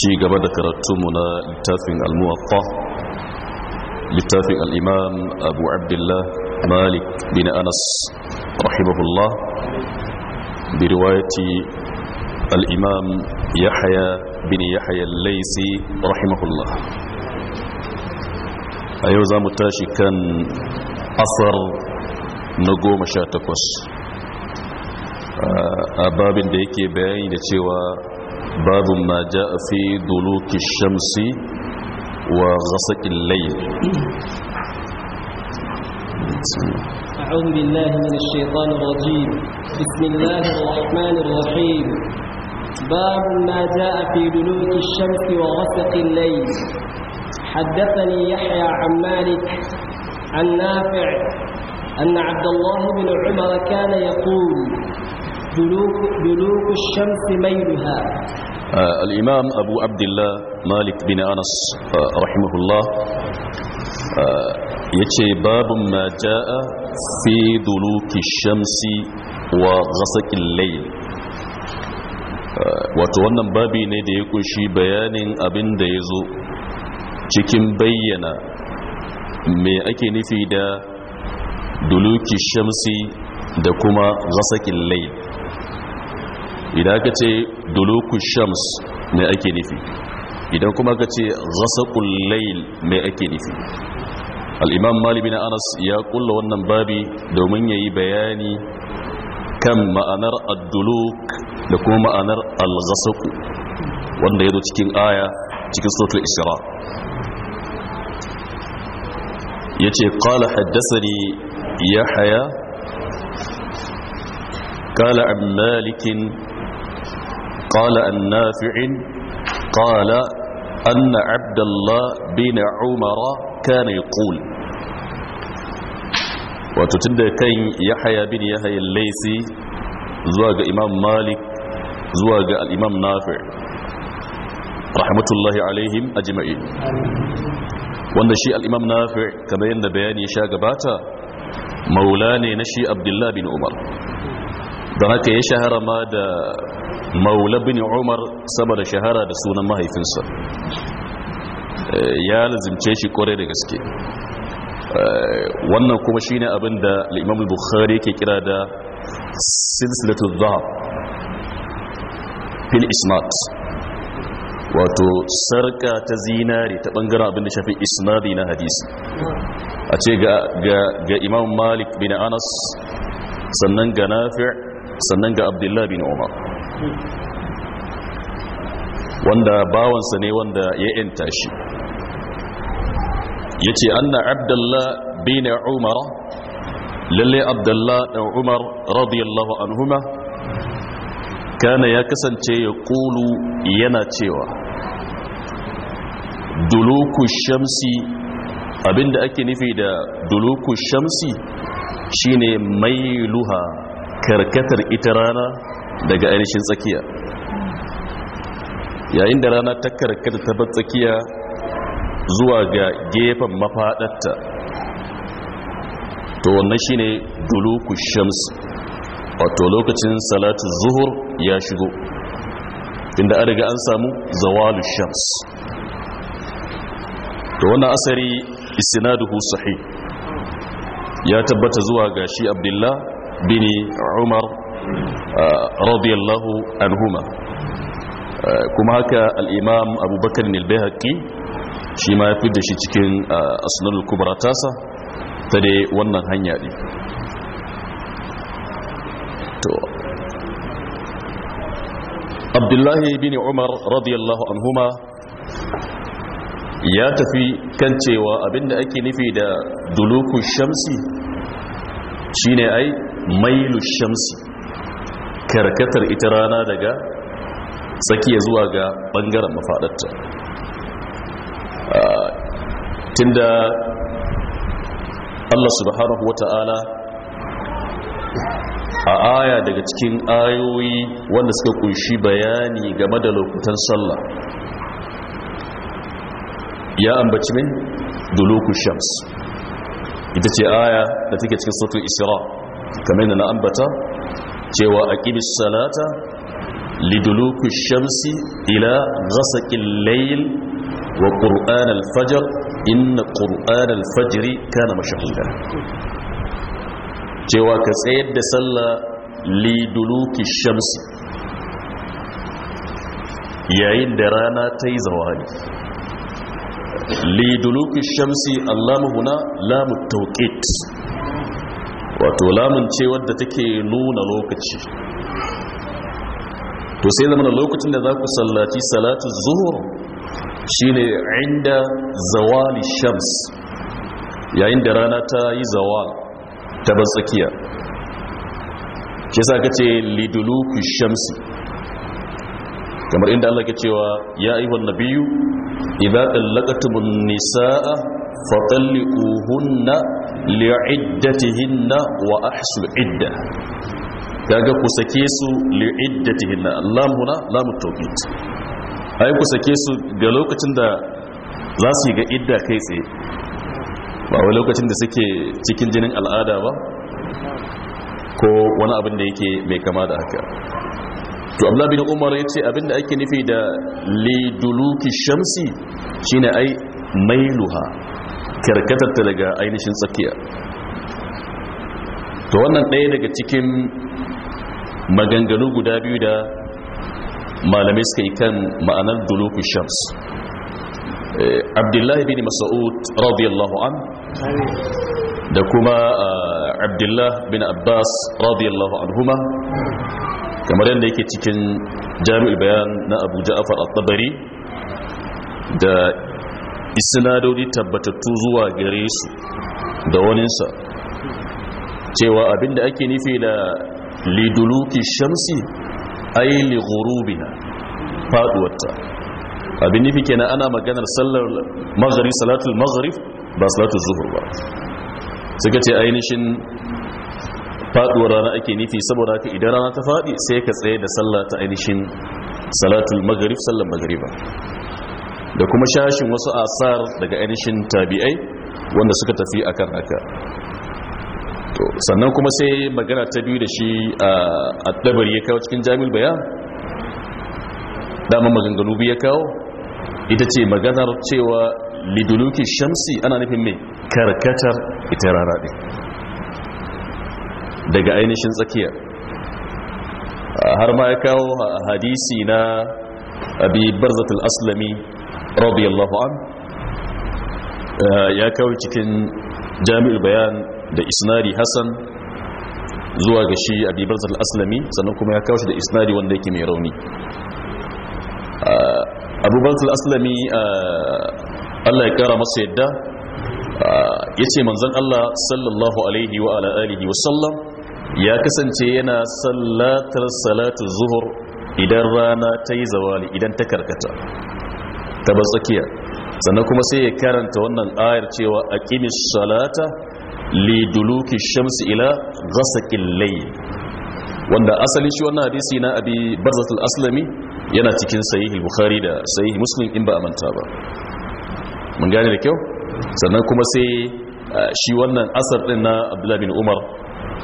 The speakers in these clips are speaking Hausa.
ci gaba da karatunmu na littafin al-muwatta littafin al-imam abu abdullah malik bin anas rahimahullah bi riwayati al-imam yahya bin yahya al-laisi rahimahullah a yau tashi kan asar na goma sha takwas a babin da yake bayani da cewa باب ما جاء في دلوك الشمس وغسق الليل أعوذ بالله من الشيطان الرجيم بسم الله الرحمن الرحيم باب ما جاء في دلوك الشمس وغسق الليل حدثني يحيى عن مالك عن نافع أن عبد الله بن عمر كان يقول دلوك الشمس ميلها الإمام أبو عبد الله مالك بن أنس رحمه الله yace babu ma ja'a fi duluki shamsi wa ghasaqil wato wannan babi ne da ya kunshi bayanin abin da ya zo cikin bayyana me ake nufi da duluki shamsi da kuma ghasaqil lail idan ka ce duluku shams mai ake nufi idan kuma ka ce zasakun lail mai ake nufi al'imam malibi anas ya kulla wannan babi domin ya yi bayani kan ma'anar duluk da kuma ma'anar alzasaku wanda ya zo cikin aya cikin sotar isra ya ce ƙala haddasa ya haya kala an malikin قال النافع قال أن عبد الله بن عمر كان يقول وتتند كان يحيى بن يحيى الليسي زواج إمام مالك زواج الإمام نافع رحمة الله عليهم أجمعين wanda shi al'imam nafi kamar yadda bayani sha gabata maula ne na shi abdullahi bin umar don haka ya shahara ma da maula bin umar saboda shahara da sunan mahaifinsa eh, ya lazimce shi kore da gaske eh, wannan kuma shi ne abin da imam bukhari ke kira da silsilatu zahab fil ismat wato sarka ta zinari ta bangaren abin da shafi isnadi na hadisi a ce ga imam malik bin anas sannan ga nafi' sannan ga abdullahi bin umar wanda bawansa ne wanda ya yanta shi ya ce anna abdullahi bin umar lalle abdullahi dan umar radiyallahu anhuma kana ya kasance ya kulu yana cewa duluku shamsi abinda ake nufi da duluku shamsi shine mailuha karkatar ita rana daga ainihin tsakiya yayin da rana ta karkata ta bar tsakiya zuwa ga gefen mafaɗarta to wannan ne duluku shams wato lokacin salatu zuhur ya shigo inda an riga an samu zawalu shams to wannan asari isnaduhu sahih ya tabbata zuwa ga shi abdullahi bin umar radiyallahu anhuma kuma haka al'imam abubakar nilbe haƙi shi ma ya fi da shi cikin asnar kubra tasa ta dai wannan hanya ne abdullahi bin umar radiyallahu anhuma ya tafi kan cewa abinda ake nufi da duluku shamsi shine ai mailu shamsi karkatar ita rana daga tsakiya zuwa ga bangaren mafadarta tunda Allah subhanahu wata'ala a aya daga cikin ayoyi wanda suka kunshi bayani game da lokutan sallah ya ambaci min Duluku shams ita ce aya da take cikin sautun isra kamar da na ambata cewa aqimis salata liduluku shamsi ila ghasaqil layl wa qur'an al inna qur'an al kana mashhuda cewa ka tsayar da sallah liduluki shamsi yayin da rana ta yi zawani. liduluki shamsi allamu huna lamu tauƙit wato lamun ce wadda take nuna lokaci to sai zama lokacin da za ku sallaci salatu zuhur shi ne inda zawali shams yayin da rana ta yi zawal ta ban tsakiya ke sa ka ce liduluku shamsi kamar inda Allah ke cewa ya ayyuhan nabiyyu idza tallaqtumun nisaa fatalliquhunna li'iddatihinna wa ahsul idda kaga ku sake su li'iddatihinna lamuna lamu tawfit ai ku sake su ga lokacin da za su yi ga idda kai tsaye ba wai lokacin da suke cikin jinin al'ada ba ko wani abin da yake mai kama da haka to abla bin umar ya ce abin da ake nufi da liduluki shamsi shine ai mailuha karkatarta daga ainihin tsakiya to wannan ɗaya daga cikin maganganu guda biyu da malamai suka yi kan ma'anar duluku shams eh, abdullahi bin masa'ud radiyallahu an da kuma eh, abdullahi bin abbas radiyallahu an huma kamar yadda yake cikin jami'ul bayan na abuja ja'afar al-tabari da isnadodi tabbatattu zuwa gare su da waninsa cewa abinda ake nufi da liduluki shamsi ai li ghurubina faduwarta abin nufi kenan ana maganar sallar magharib salatul magharib ba salatul zuhur ba suka ce ainihin faduwar rana ake nufi saboda haka idan rana ta fadi sai ka tsaye da sallah ta ainihin salatul magharib sallar maghariba da kuma shashin wasu asar daga ainihin tabi'ai wanda suka tafi a kan haka sannan kuma sai magana ta biyu da shi a dabar ya kawo cikin jami'ul bayan dama maganganu biyu ya kawo ita ce maganar cewa Lidiluki shamsi ana nufin mai karkatar ita rara ne. daga ainihin tsakiya har ma ya kawo hadisi na abi barzatul aslami radiyallahu an eh, ya kawo cikin jami'ul bayan da isnari hassan zuwa ga shi abibar al-aslami sannan kuma ya kawo shi da isnari wanda yake mai rauni eh, abubuwan al-aslami eh, allah ya kara masa yadda ya ce manzan allah sallallahu alaihi wa ala'alihi wasallam ya kasance yana sallatar salatu zuhur idan rana ta yi zawali idan ta karkata ta bar tsakiya sannan kuma sai ya karanta wannan ayar cewa aqimis salata liduluki shamsi ila ghasaqil layl wanda asali shi wannan hadisi na abi barzatul aslami yana cikin sahih bukhari da sahih muslim in ba manta ba mun gane da kyau sannan kuma sai shi wannan asar din na abdullah bin umar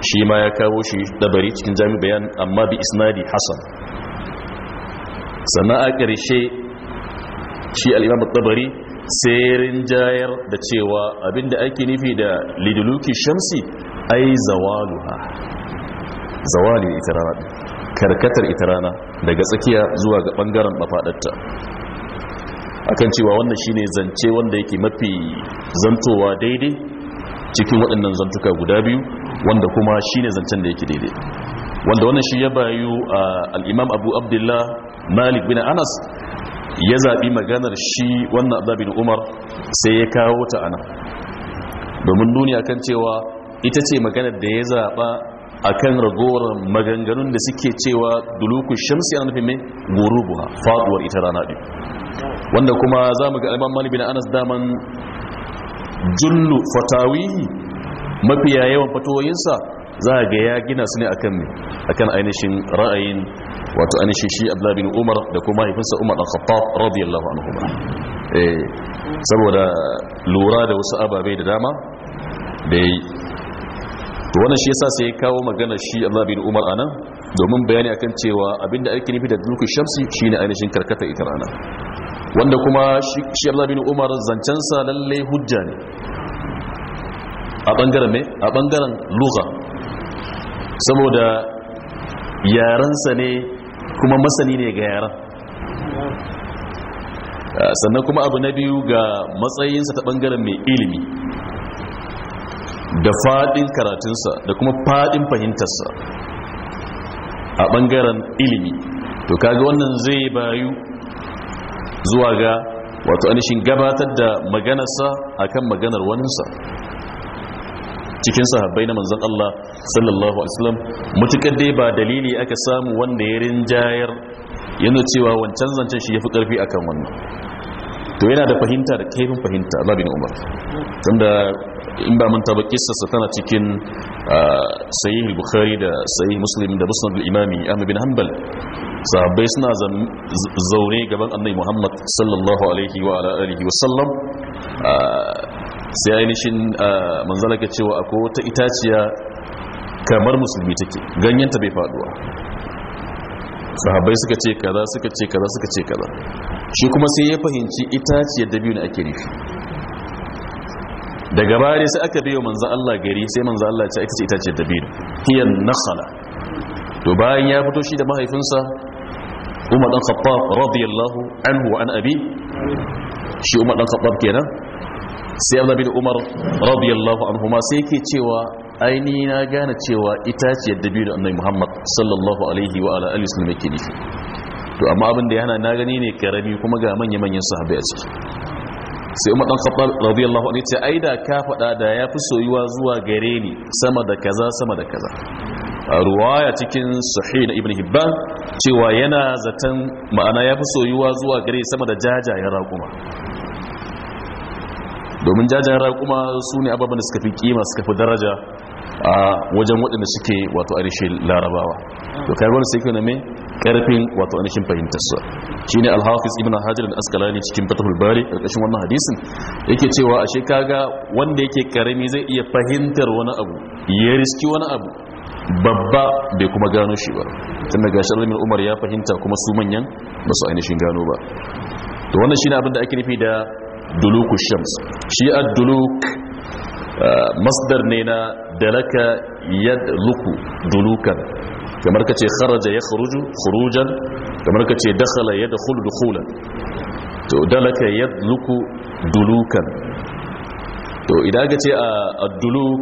shi ma ya kawo shi dabari cikin jami'in bayan amma bi isnadi hasan sannan a ƙarshe shi al'imam tabari sai jayar da cewa abinda ake nufi da liduluki shamsi ai zawaluha zawali ita rana karkatar ita rana daga tsakiya zuwa ga ɓangaren mafadarta akan cewa wannan shine zance wanda yake mafi zantowa daidai cikin waɗannan zantuka guda biyu wanda kuma shine zancen da yake daidai wanda wannan shi ya bayu a al'imam abu abdullah malik bin anas ya zaɓi maganar shi wannan abdabin umar sai ya kawo ta ana domin duniya kan cewa ita ce maganar da ya zaɓa a kan ragowar maganganun da suke cewa duluku shamsi yana nufin mai gurubuwa faɗuwar ita rana ɗin wanda kuma za mu ga alman malibi anas daman jullu fatawihi mafiya yawan fatoyinsa za a ga ya gina su ne akan me akan ainihin ra'ayin wato ainihin shi abu labin umar da kuma haifinsa umar al khattab radiyallahu anhu eh saboda lura da wasu ababai da dama da yi to wannan shi yasa sai ya kawo magana shi abu labin umar anan domin bayani akan cewa abinda ake nufi da duk shamsi shine ainihin karkata ita rana wanda kuma shi abu labin umar zancensa lalle hujja ne a bangaren me a bangaren lugha saboda yarensa ne kuma masani ne ga yaren ah, sannan kuma abu na biyu ga matsayinsa ta bangaren mai ilimi da fadin karatunsa da kuma fadin fahimtarsa a bangaren ilimi to kaga wannan zai bayu zuwa ga wato anishin gabatar da maganarsa akan maganar waninsa cikin sahabbai na manzon Allah sallallahu alaihi wasallam mutukar dai ba dalili aka samu wanda ya rinjayar yana cewa wancan zancen shi yafi karfi akan wannan to yana da fahimta da kaifin fahimta Allah bin Umar tunda in ba mun taba sa tana cikin ah, sahih bukhari da sahih muslim da musnad al-imami ahmad bin hanbal sahabbai suna zaune gaban annabi muhammad sallallahu alaihi wa alihi wa sallam ah, sai ainihin manzala ga cewa a kowata itaciya kamar musulmi take ganyenta bai faduwa sahabbai suka ce kaza suka ce kaza suka ce kaza shi kuma sai ya fahimci itaciyar da biyu ne ake nufi daga bari sai aka biyo manzo Allah gari sai manzo Allah ya ce ita ce itaciyar da biyu hiyan nakhala to bayan ya fito shi da mahaifinsa Umar dan Khattab radiyallahu anhu wa an abi shi Umar dan Khattab kenan sai Allah bin Umar radiyallahu anhuma sai yake cewa aini na gane cewa biyu da annabi Muhammad sallallahu alaihi wa ala alihi wasallam yake nufi to amma abin da yana na gani ne karami kuma ga manya manyan sahabbai a ciki sai Umar dan Khattab radiyallahu anhu yace ai da ka fada da ya fi soyuwa zuwa gare ni sama da kaza sama da kaza ruwaya cikin sahih na ibn hibban cewa yana zaton ma'ana ya fi soyuwa zuwa gare sama da jajayen raƙuma domin jajayen raƙuma su ne ababen da suka fi kima suka fi daraja a wajen waɗanda suke wato arishe larabawa to kai wani sai kana mai karfin wato anishin su shi ne alhafiz ibn hajar da ne cikin fatahul bari ƙarshen wannan hadisin yake cewa ashe kaga wanda yake karami zai iya fahimtar wani abu ya riski wani abu babba bai kuma gano shi ba tun daga shi umar ya fahimta kuma su manyan ba su ainihin gano ba to wannan shine abin da ake nufi da duluku shams shi ad-duluk masdar ne na dalaka yadluku dulukan kamar kace kharaja yakhruju khurujan kamar kace dakhala yadkhulu dukhulan to dalaka yadluku dulukan to idan ce ad-duluk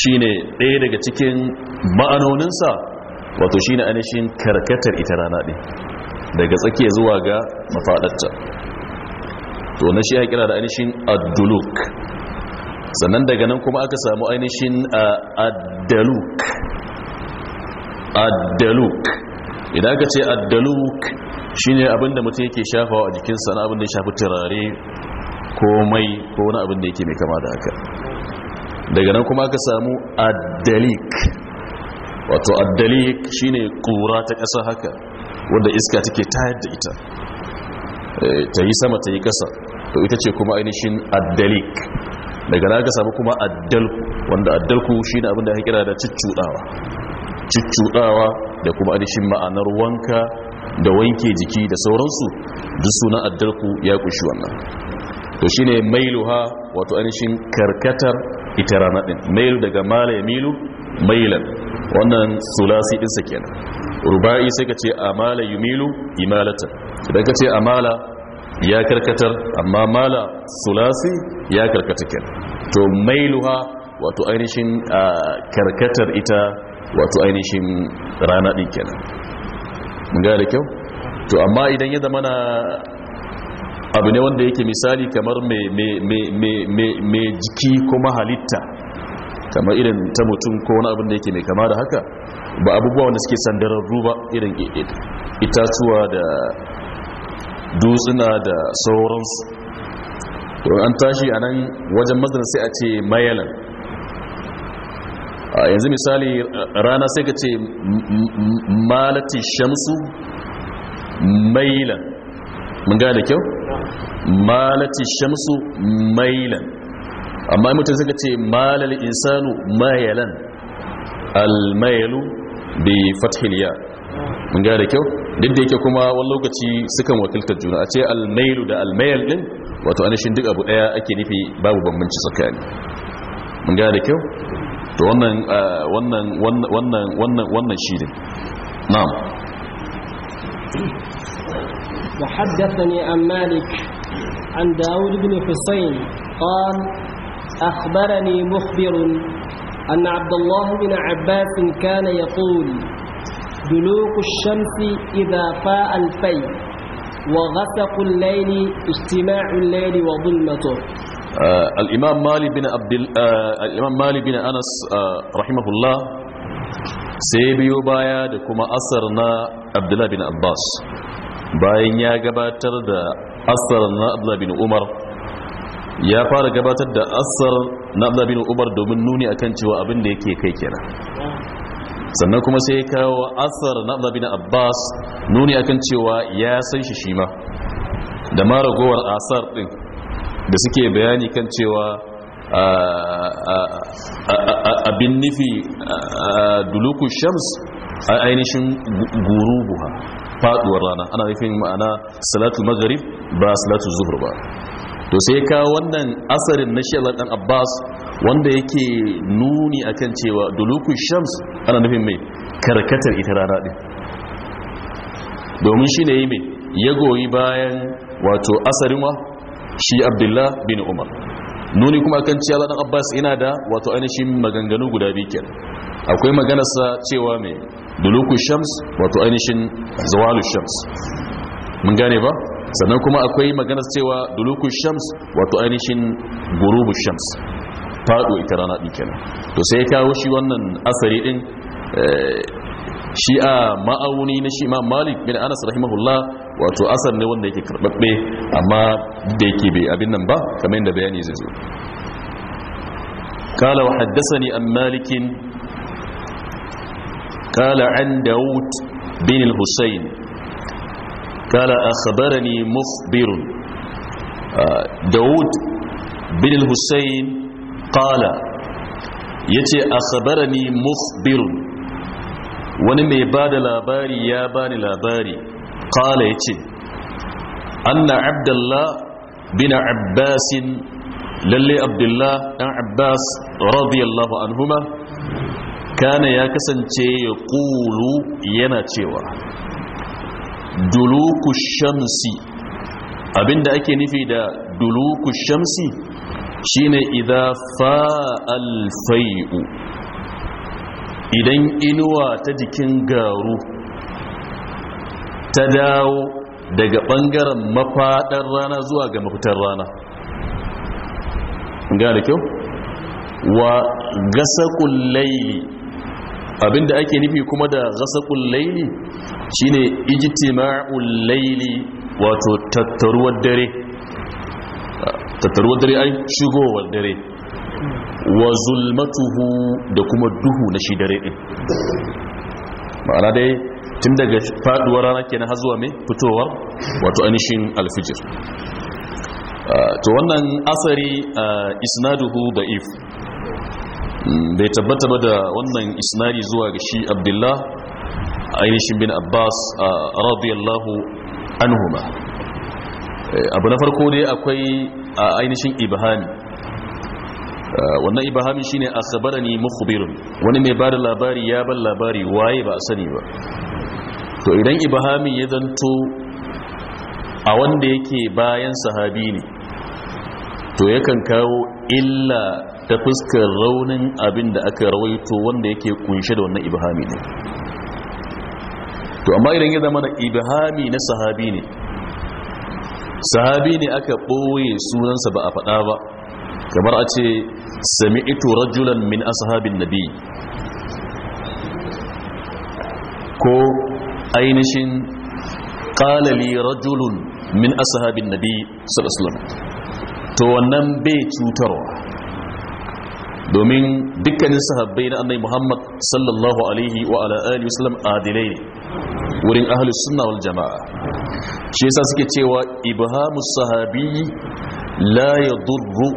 shine ɗaya daga cikin ma'anoninsa wato shine ainihin karkatar ita rana ɗin daga tsakiya zuwa ga mafaɗarta to na shi haƙira da ainihin adduluk sannan daga nan kuma aka samu ainihin ah, addaluk addaluk idan aka ce addaluk shine abinda mutum yake shafawa a jikinsa na abinda ya shafi turare ko mai ko wani abinda yake mai kama da haka daga nan kuma aka samu addalik wato addalik shine ƙura ta ƙasa haka wadda iska take tayar da ita eh, ta yi sama ta yi kasa to ita ce kuma ainihin addalik daga na ga samu kuma addalku wanda addalku shi ne abinda ya kira da ciccudawa ciccudawa da kuma ainihin ma'anar wanka da wanke jiki da sauransu duk suna addalku ya kushi wannan to shi ne ha wato ainihin karkatar ita rana ɗin mailu daga mala ya milu mailan wannan sulasi ɗinsa kenan ruba'i sai ka ce amala yumilu imalatan idan ka ce amala ya karkatar amma mala sulasi ya karkata ken to mailuha wato ainihin karkatar ita wato ainihin rana din kenan mun ga da kyau to amma idan ya zama na abu ne wanda yake misali kamar mai jiki kuma halitta kamar irin ta mutum ko wani abin da yake mai kama da haka ba abubuwa wanda suke sandararru ba irin itatuwa da dutsuna da sauransu an tashi a nan wajen mazan sai a ce mayalan a yanzu misali rana sai ka ce malati shamsu mailan mun gane kyau malati shamsu mailan amma mutum suka ce malal insanu mayalan almayalu bi fathiliya mun ga da kyau duk da yake kuma wani lokaci sukan wakiltar juna a ce almailu da almayal din wato anashin duk abu daya ake nufi babu bambanci tsakani mun ga da kyau to wannan wannan wannan wannan wannan shi ne na'am haddathani an malik an daud ibn husayn qala أخبرني مخبر أن عبد الله بن عباس كان يقول دلوك الشمس إذا فاء الفي وغسق الليل اجتماع الليل وظلمته آه الإمام مالي بن عبد آه الإمام مالي بن أنس آه رحمه الله سيبيو بايا دكما أسرنا عبد الله بن عباس باين يا جبا ترد أسرنا عبد الله بن عمر ya fara gabatar da asar na abdullabin umar domin nuni a kan cewa abin da yake kai kenan sannan kuma sai ya kawo asar na abdullabin abbas nuni a kan cewa ya san shi shima da mara gowar asar din da suke bayani kan cewa abin nufi duluku shams a ainihin gurubuwa faduwar rana ana nufin ma'ana salatu magharib ba salatu zuhur ba to sai ka wannan asarin na shi dan abbas wanda yake nuni akan cewa dulukun shams ana nufin mai karkatar ita rana din domin shi ne yi mai ya goyi bayan wato asarin wa shi abdullah bin umar nuni kuma akan cewa dan abbas ina da wato ainihin maganganu guda biyu akwai maganarsa cewa mai dulukun shams wato ainihin Zawalu shams mun gane ba sannan kuma akwai maganar cewa duluku shams wato ainihin gurubu shams faɗo ita rana ɗin kenan to sai ya kawo shi wannan asari ɗin eh, shi a ma'auni na shi imam malik bin anas rahimahullah wato asar ne wanda yake karɓaɓɓe amma da yake bai abin nan ba kamar yadda bayani zai zo kala قال ni an malikin kala عن داود bin hussain. kala akhbarani mukhbir daud bin al-husayn qala yace akhbarani mukhbir wani mai ba da labari ya bani labari kala yace anna abdullah bin abbas lalle abdullah dan abbas radiyallahu anhuma kana ya kasance ya kulu yana cewa duluku shamsi abinda ake nufi da duluku shamsi shine idza fa'al fai'u idan inuwa ta jikin garu ta dawo daga bangaren mafadar rana zuwa ga mafitar rana ga da kyau wa gasa kullaili Abin da ake nufi kuma da ghasaqul layli shine ijtima'ul layli wato tattaruwar dare tattaruwar dare ai shigowar dare wa zulmatuhu da kuma duhu na shi dare din ma'ana dai tun daga faduwar rana kenan har zuwa mai fitowar wato anishin alfijir ah, to wannan asari ah, isnaduhu da'if bai tabbata ba da wannan isnari zuwa ga shi abdullah ainihin bin abbas a radiyallahu anhuma eh, abu na farko ne akwai a ainihin ibahani eh, wannan ibahami shine a sabarani mukhbirun wani mai ba da labari ya ban labari waye ba a sani ba to idan ibahami ya zanto a wanda yake bayan sahabi ne to yakan kawo illa ta fuskar raunin abin da aka rawaito wanda yake kunshe da wannan ibhami ne to amma idan ya zama da ibhami na sahabi ne sahabi ne aka ɓoye sunansa ba a faɗa ba kamar a ce sami ito rajulan min ashabin nabi ko ainihin ƙalali rajulun min ashabin nabi sallallahu to wannan bai cutarwa domin dukkanin sahabbai na annai muhammad sallallahu alaihi wa ala alihi wasallam adilai ne wurin ahlus sunna wal jama'a shi yasa suke cewa ibhamu sahabi la yadurru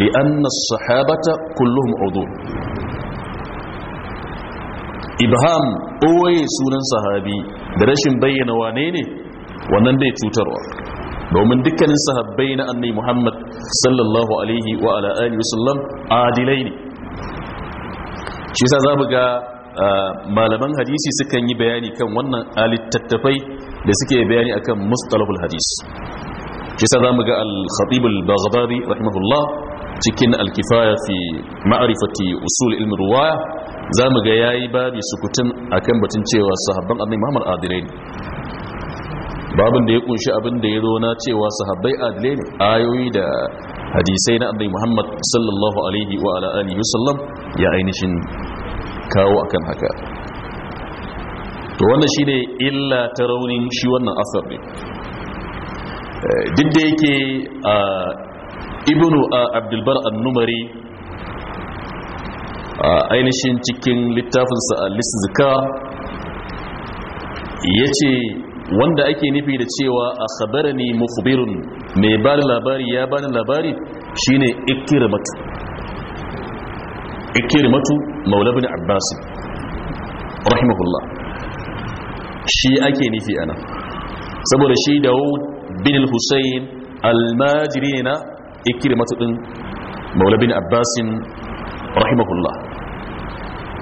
li anna sahabata kulluhum udul ibham owaye sunan sahabi da rashin bayyana wane ne wannan bai cutarwa domin dukkanin sahabbai na annabi Muhammad sallallahu alaihi wa ala alihi wasallam adilai ne shi za mu ga malaman hadisi sukan yi bayani kan wannan alittattafai da suke bayani akan mustalahul hadis shi za mu ga al-khatib al-baghdadi rahimahullah cikin al-kifaya fi ma'rifati usul ilmi ruwaya zamu ga yayi babu sukutun akan batun cewa sahabban annabi Muhammad adilai ne babin da ya kunshi abin da ya zo na cewa sahabbai adile ne ayoyi da hadisai na annabi Muhammad sallallahu alaihi wa ala alihi wasallam ya ainihin kawo akan haka to wannan shine illa ta raunin shi wannan asar ne eh, duk da yake ibnu abdulbar a ainihin cikin littafinsa a lissizika ya ce wanda ake nufi da cewa a sabarani mukhbirun mai ba da labari ya ba da labari shine ikirmatu ikirmatu maula bin abbas rahimahullah shi ake nufi ana saboda shi dawo bin al-husayn al na ikirmatu din maula bin abbas rahimahullah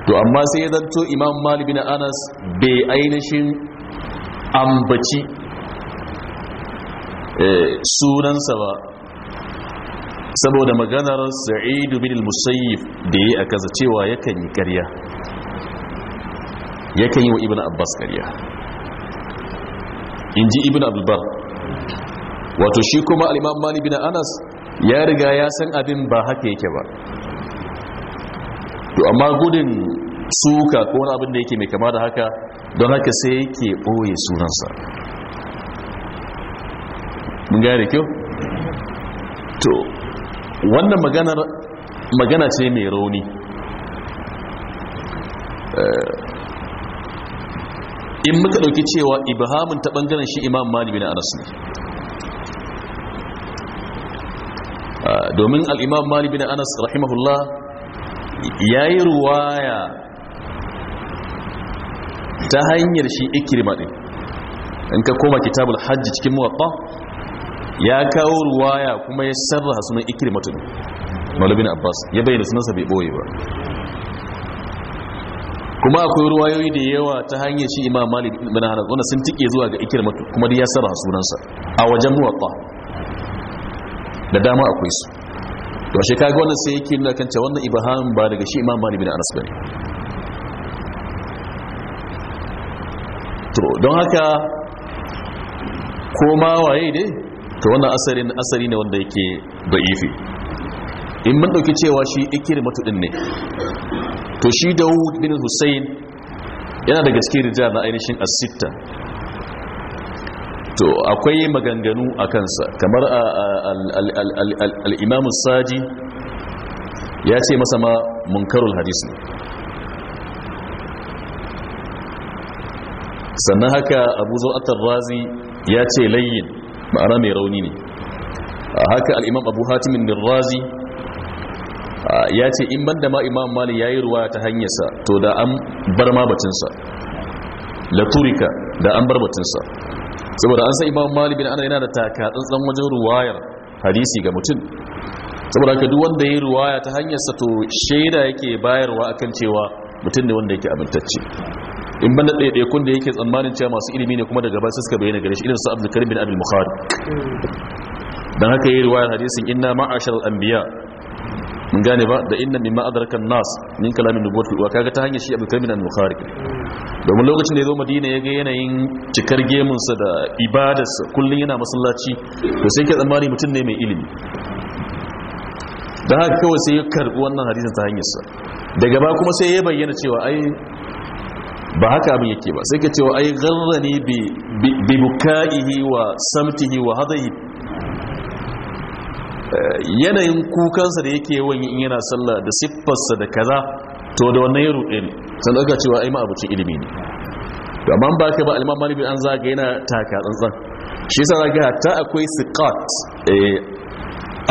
to amma sai ya zanto imam mali anas bai ainihin ambaci eh, sunansa ba saboda maganar sa'idu bin musayyib da yi a cewa yakan yi karya yakan yi wa ibn abbas karya in ji ibn abubar wato shi kuma al'imam mani bin anas ya riga ya san abin ba haka yake ba to amma gudun suka ko wani abin da yake mai kama da haka don haka sai yake ɓoye sunansa mun gane kyau to wannan magana ce mai rauni eh, in muka ɗauki cewa ibhamin ta ɓangaren shi imam malibi na anas ne eh, domin al'imam malibi na anas rahimahullah ya yi ruwaya ta hanyar shi ikirma ɗin in ka koma kitabul hajji cikin muwatta ya kawo ruwaya kuma ya sarraha sunan ikirmatun malabin abbas ya bayyana sunansa bai ɓoye ba kuma akwai ruwayoyi da yawa ta hanyar shi imam malik ibn hana wanda sun tike zuwa ga ikirmatu kuma da ya sarraha sunansa a wajen muwatta da dama akwai su to shi kaga wannan sai yake nuna kan cewa wannan Ibrahim ba daga shi imam malik ibn anas bane don haka koma waye ne? to wannan asarin asari ne wanda yake da'ifi in mun dauki cewa shi ikrimatu din ne to shi Dawud bin Hussein yana daga cikin rijal na ainihin asitta to akwai maganganu a kansa kamar al-Imam as-Saji ya ce masa ma munkarul hadis ne sannan haka abu zo'atar razi ya ce layyin ma'ana mai rauni ne haka al'imam abu hatimin razi ya ce in banda ma imam mali ya yi ruwa ta hanyarsa to da an bar ma batunsa laturika da an bar batunsa saboda an san imam mali bin ana yana da taka wajen ruwayar hadisi ga mutum saboda ka duk wanda ya yi ruwaya ta hanyarsa to shaida yake bayarwa akan cewa mutum ne wanda yake amintacce in banda kun da yake tsammanin cewa masu ilimi ne kuma daga ba suka bayyana gare shi irinsu abu abdul karim bin abin bukhari dan haka yi riwayar hadisun inna ma'ashar al'ambiya anbiya mun gane ba da inna mimma adraka nas min kalamin nubuwwati wa kaga ta hanyar shi abu karim bin abin bukhari domin lokacin da ya zo madina ya ga yanayin cikar gemunsa da ibadarsa kullum yana masallaci to sai ke tsammani mutum ne mai ilimi da haka kawai sai ya karɓi wannan hadisin ta hanyarsa daga ba kuma sai ya bayyana cewa ai ba haka abin yake ba sai ka cewa ai ne bi bukaihi wa samtihi wa hadahi eh, yanayin kukansa da yake yawan in yana sallah da siffarsa da kaza to da wannan ya ruɗe ne sai daga cewa ai ma abucin ilimi ne to amma ba ka ba al-Imam Malik an zaga yana taka tsantsan shi yasa zaga ta akwai siqat eh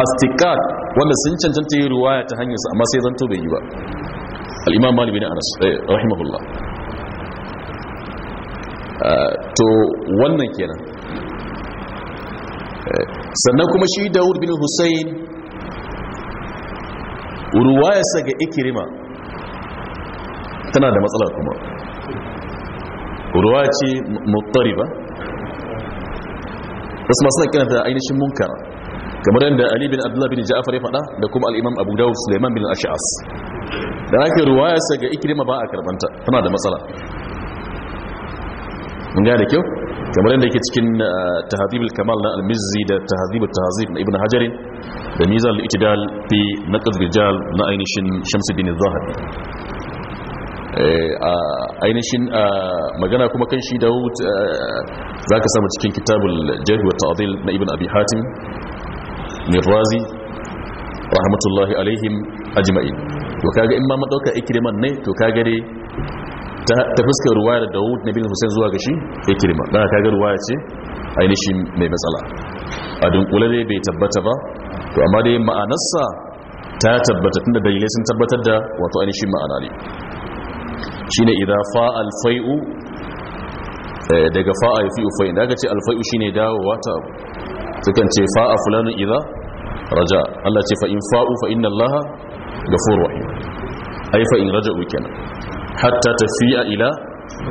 astiqat wanda sun cancanta yi ruwaya ta hanyarsa, amma sai zanto bai yi ba al-Imam Malik bin Anas eh, rahimahullah to wannan kenan eh, sannan kuma shi dawud bin hussein ruwayarsa ga ikirima tana da matsala kuma ruwa ce mutari ba wasu masu na da ainihin munkara kamar yadda ali bin abdullah bin ja'afar ya faɗa da kuma al'imam abu dawud suleiman bin ash'as da ake ruwayarsa ga ikirima ba a karbanta tana da matsala mun da kyau kamar yadda yake cikin uh, tahdhibul kamal na al-mizzi da tahdhibut tahzib na ibn hajar da mizal al-itidal fi naqd rijal na ainihin shamsuddin az-zahabi eh ainihin magana kuma kan shi Dawud eh, zaka samu cikin kitabul jarh wa ta'dil na ibn abi hatim razi rahmatullahi alaihim ajma'in to kaga in ma madauka ikriman ne to kaga dai ta fuskar da dawud na bin hussein zuwa ga shi ya kirma ɗana ta ga ruwaya ce ainihin mai matsala a dunkule ne bai tabbata ba to amma dai ma'anarsa ta tabbata tun da dalilai sun tabbatar da wato ainihin ma'ana ne shi ne idan fa'al fai'u eh, daga fa'a ya fi'u fai'in da aka ce alfai'u shi ne dawowa ta abu sukan ce fa'a fulanin idan raja Allah ce fa'in fa'u fa'in Allah ga furuwa ai fa'in raja'u kenan hatta tafiya ila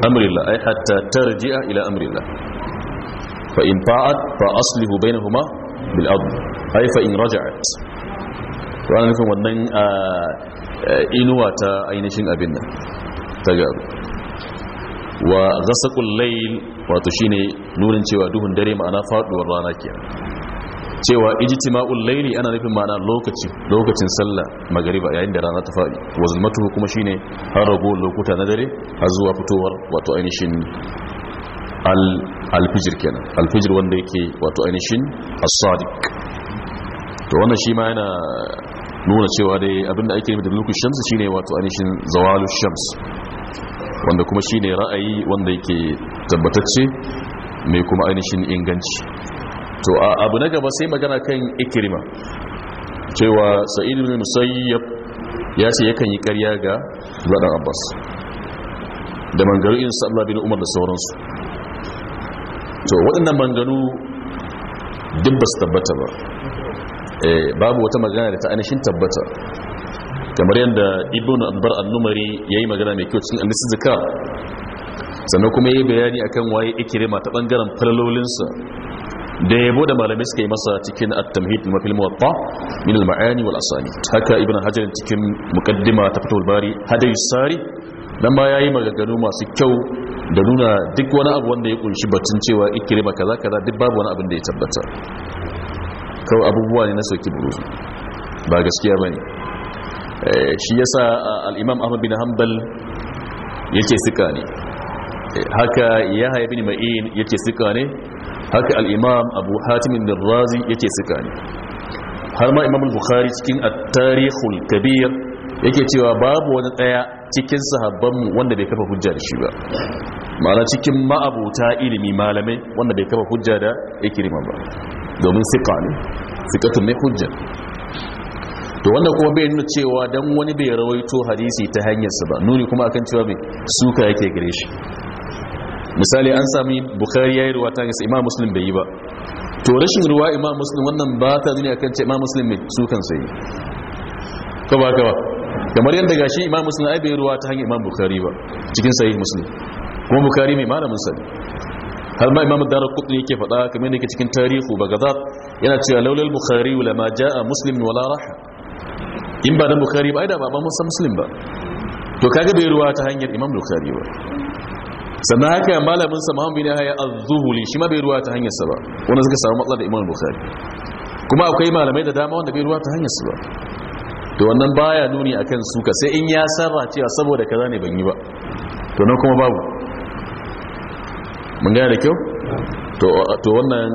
amrillah ai hatta tarji'a ila amrillah fa in fa'ad fa aslihu bainahuma bil adl ai fa in raja'at wannan nufin wannan ah, eh, inuwa ta ainihin abin nan ta garu wa ghasaqul layl wato shine nunin cewa duhun dare ma'ana faduwar rana kenan cewa ijtima'ul layli ana nufin ma'ana lokaci lokacin sallah magariba yayin da rana ta fadi wazmatu kuma shine har rago lokuta na dare har zuwa fitowar wato ainihin al alfijir kenan alfijir wanda yake wato ainihin as-sadiq to wannan shi ma yana nuna cewa dai abinda ake nufi da lokacin shamsu shine wato ainihin zawalush shams wanda kuma shine ra'ayi wanda yake tabbatacce mai kuma ainihin inganci to abu na gaba sai magana kan ikirima cewa sa'id ibn musayyab ya ce yakan yi ƙarya ga zaɗan abbas da in irin sa'adla bin umar da sauransu to waɗannan manganu duk ba su tabbata ba eh, babu wata magana da ta ainihin tabbata kamar yadda ibn abbar al-numari ya yi magana mai kyau cikin annisin zika sannan kuma ya yi bayani akan waye ikirima ta ɓangaren falalolinsa da yabo da malamai suka yi masa cikin at-tamhid fil muwatta min al-ma'ani wal asani haka ibn hajar cikin muqaddima ta fatul bari hadai sari dan ma yayi maganganu masu kyau da nuna duk wani abu wanda ya kunshi batun cewa ikrima kaza kaza duk babu wani abin da ya tabbata kawai abubuwa ne na sauki buru ba gaskiya bane eh, shi yasa al-imam ahmad bin hanbal yake sika ne eh, haka yahya bin ma'in yake sika ne haka al’imam abu hatim bin razi yake suka ne har ma imam bukhari cikin at-tarikhul kabir yake cewa babu wani daya cikin sahabban wanda bai kafa hujja da shi ba ma'ana cikin ma'abuta ilimi malamai wanda bai kafa hujja da ikrima ba domin siqa ne siqatun ne hujja to wanda kuma bai nuna cewa dan wani bai rawaito hadisi ta hanyarsa ba nuni kuma akan cewa mai suka yake gare shi misali an sami bukhari ya yi ruwa ta gasa imam muslim bai yi ba to rashin ruwa imam muslim wannan ba ta zuni akan ce imam muslim mai su kan sai kaba ba ka ba kamar yadda gashi imam muslim ai bai ruwa ta hanyar imam bukhari ba cikin sahih muslim kuma bukhari mai malamin sa har ma imam darar kudin yake faɗa kamar ke cikin tarihu ba gaza yana cewa laulal bukhari wala ma ja'a muslim wala raha in ba dan bukhari ba ai da ba ba muslim ba to kaga bai ruwa ta hanyar imam bukhari ba sannan haka malamin sa Muhammad bin Yahya az-Zuhuli shi ma bai ruwa ta hanyar sa ba wanda suka samu matsala da Imam Bukhari kuma akwai malamai da dama wanda bai ruwa ta hanyar sa ba to wannan baya nuni akan su ka, sai in ya saba cewa saboda kaza ne ban yi ba to nan kuma babu mun gane da kyau to wannan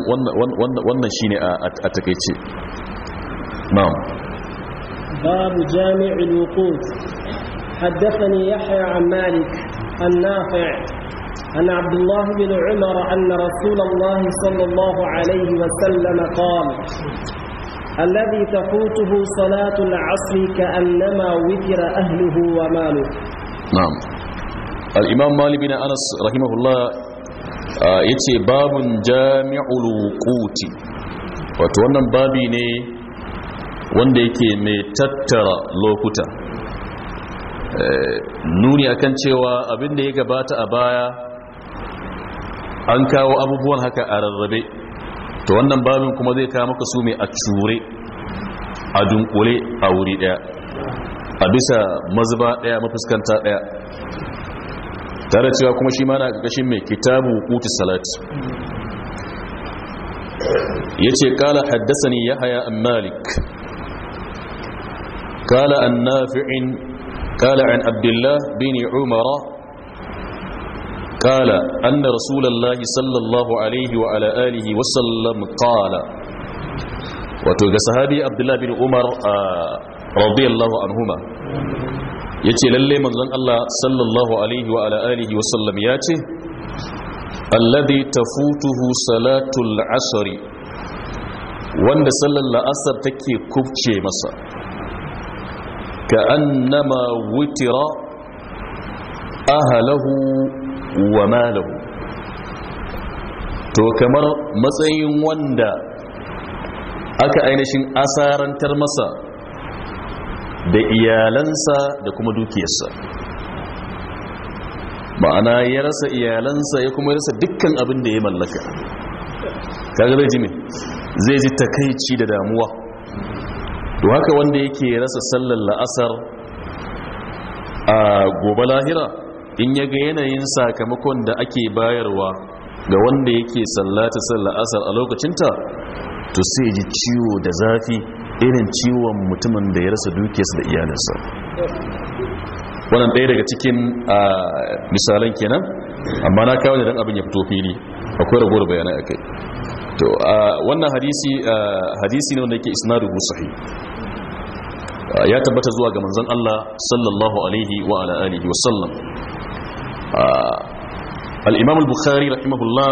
wannan shine a takeice na'am babu jami'ul wuqut حدثني يحيى عن مالك النافع عن عبد الله بن عمر أن رسول الله صلى الله عليه وسلم قال الذي تفوته صلاة العصر كأنما وكر أهله وماله نعم الإمام مالي بن أنس رحمه الله آه، يتي باب جامع الوقوت وتوانا بابي ني وانديكي ميتتر yake nuni a kan cewa abinda ya gabata a baya an kawo abubuwan haka a rarrabe to wannan babin kuma zai kawo maka su mai a cure a dunkule a wuri daya a bisa mazuba daya mafuskanta daya tare cewa kuma shi mana ƙarƙashin mai kitabu kuti salat. ya ce ƙala haddasa ne ya haya an malik ƙala an nafi'in قال عن عبد الله بن عمر قال أن رسول الله صلى الله عليه وعلى آله وسلم قال وتوجه صحابي عبد الله بن عمر رضي الله عنهما yace lalle manzon Allah sallallahu alaihi wa ala alihi wa sallam yace alladhi tafutuhu salatul asr wanda sallar la'asar take kubce masa كأنما وتر أهله وماله to kamar matsayin wanda aka ainihin asarantar masa da iyalansa da kuma dukiyarsa ma'ana ya rasa iyalansa ya kuma rasa dukkan abin da ya mallaka kaga zai ji zai ji takaici da damuwa to haka wanda yake rasa sallar la'asar a gobe lahira in ya ga yanayin sakamakon da ake bayarwa ga wanda yake sallata sallar asar a lokacinta to sai ji ciwo da zafi irin ciwon mutumin da ya rasa dukiyarsa da iyalinsa wannan ɗaya daga cikin a misalan kenan amma na kawo da don abin ya fito fili akwai ragowar bayanai kai. to wannan hadisi hadisi ne wanda yake isnaduhu sahih ya tabbata zuwa ga manzon Allah sallallahu alaihi wa ala alihi wa sallam al-imam al-bukhari rahimahullah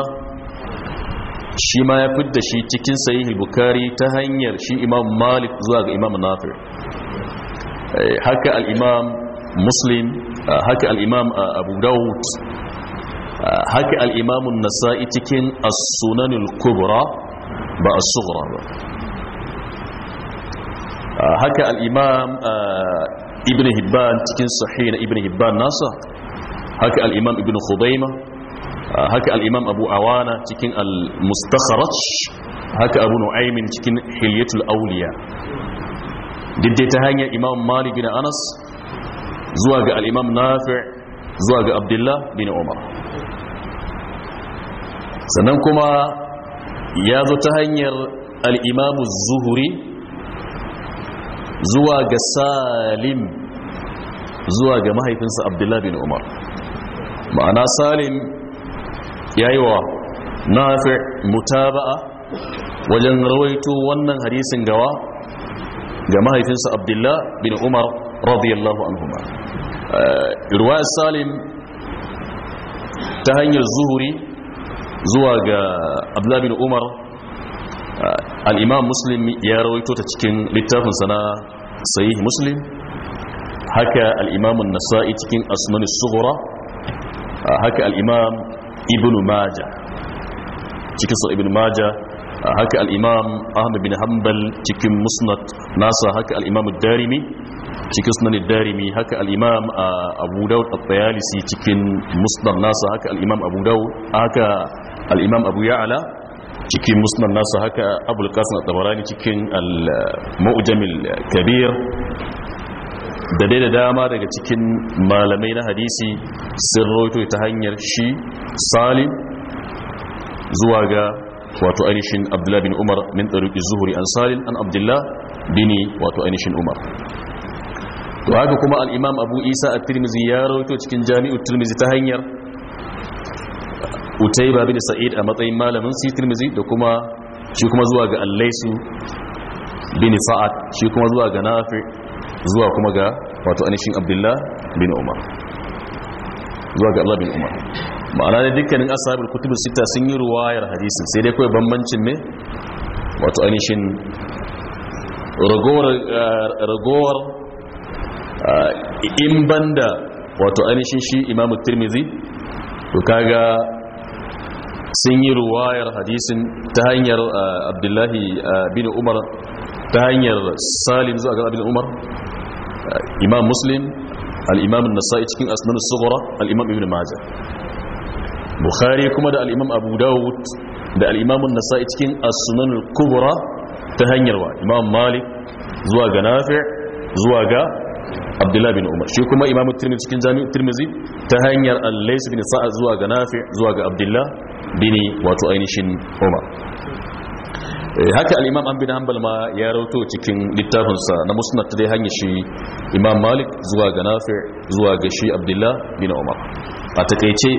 shi ma ya fidda shi cikin sahih al-bukhari ta hanyar shi imam malik zuwa ga imam nafi' eh, haka al-imam muslim haka al-imam abu daud haka al'imamun nasa'i cikin as-sunanul kubra ba as-sughra ba haka al'imam eh, ibn hibban cikin sahi na ibn hibban nasa haka al'imam ibn khudaima eh, haka al'imam abu awana cikin al-mustakharaj haka abu nu'aimin cikin hilyatul auliya diddai ta hanyar imam malik bin anas zuwa ga al'imam nafi zuwa ga abdullah bin umar sannan kuma ya zo ta hanyar al'imamu zuhuri zuwa ga salim zuwa ga mahaifinsa abdullahi bin umar ma'ana salim ya yi wa nafi mutaba'a wajen rawaito wannan hadisin gawa ga mahaifinsa abdullahi bin umar radiyallahu anhuma eh, ruwa salim ta hanyar zuhuri zuwa ga abdullahi bin umar uh, al'imam muslim ya rawaito ta cikin littafin sana sayi muslim haka al'imamun nasa'i cikin asmani suhura uh, haka al'imam ibn maja cikin sa ibn maja uh, haka al'imam ahmad bin hanbal cikin musnad nasa haka al'imam darimi cikin sunan darimi haka al'imam abu daud a tayalisi cikin musnad nasa haka al'imam abu daud haka al'imam abu ya'ala cikin musnan nasa haka abu kasan a tabarani cikin al kabir da dai da dama daga cikin malamai na hadisi sun roto ta hanyar shi salim zuwa ga wato ainihin abdullahi bin umar min ɗaruki zuhuri an salim an abdullahi bini wato ainihin umar to haka kuma alimam abu isa a tirmizi ya roto cikin jami'ar tirmizi ta hanyar utaiba bin sa'id a matsayin malamin si da kuma shi kuma zuwa ga allaisu bin sa'ad shi kuma zuwa ga nafi zuwa kuma ga wato anishin abdullah bin umar zuwa ga allah bin umar ma'ana da dukkanin asabar kutubu sita sun yi ruwayar hadisin sai dai kawai bambancin ne wato anishin ragowar eh, eh, in banda wato anishin shi imamu tirmizi to kaga sun yi ruwayar hadisin ta hanyar uh, abdullahi uh, bin umar ta hanyar salim zuwa ga abin umar uh, imam muslim al'imam nasa'i cikin asnan sugura al'imam ibn maja bukhari kuma da al'imam abu dawud da al'imam nasa'i cikin asnan kubura ta hanyar wa imam malik zuwa ga nafi zuwa ga abdullahi bin umar shi kuma imam tirmizi cikin jami'in tirmizi ta hanyar al-lais bin sa'ad zuwa ga nafi zuwa ga abdullahi bini wato ainihin umar eh, haka al'imam an bin hanbal ma ya rauto cikin littafinsa na musnad ta dai hanya shi imam malik zuwa ga nafi zuwa ga shi abdullah bin umar a takaice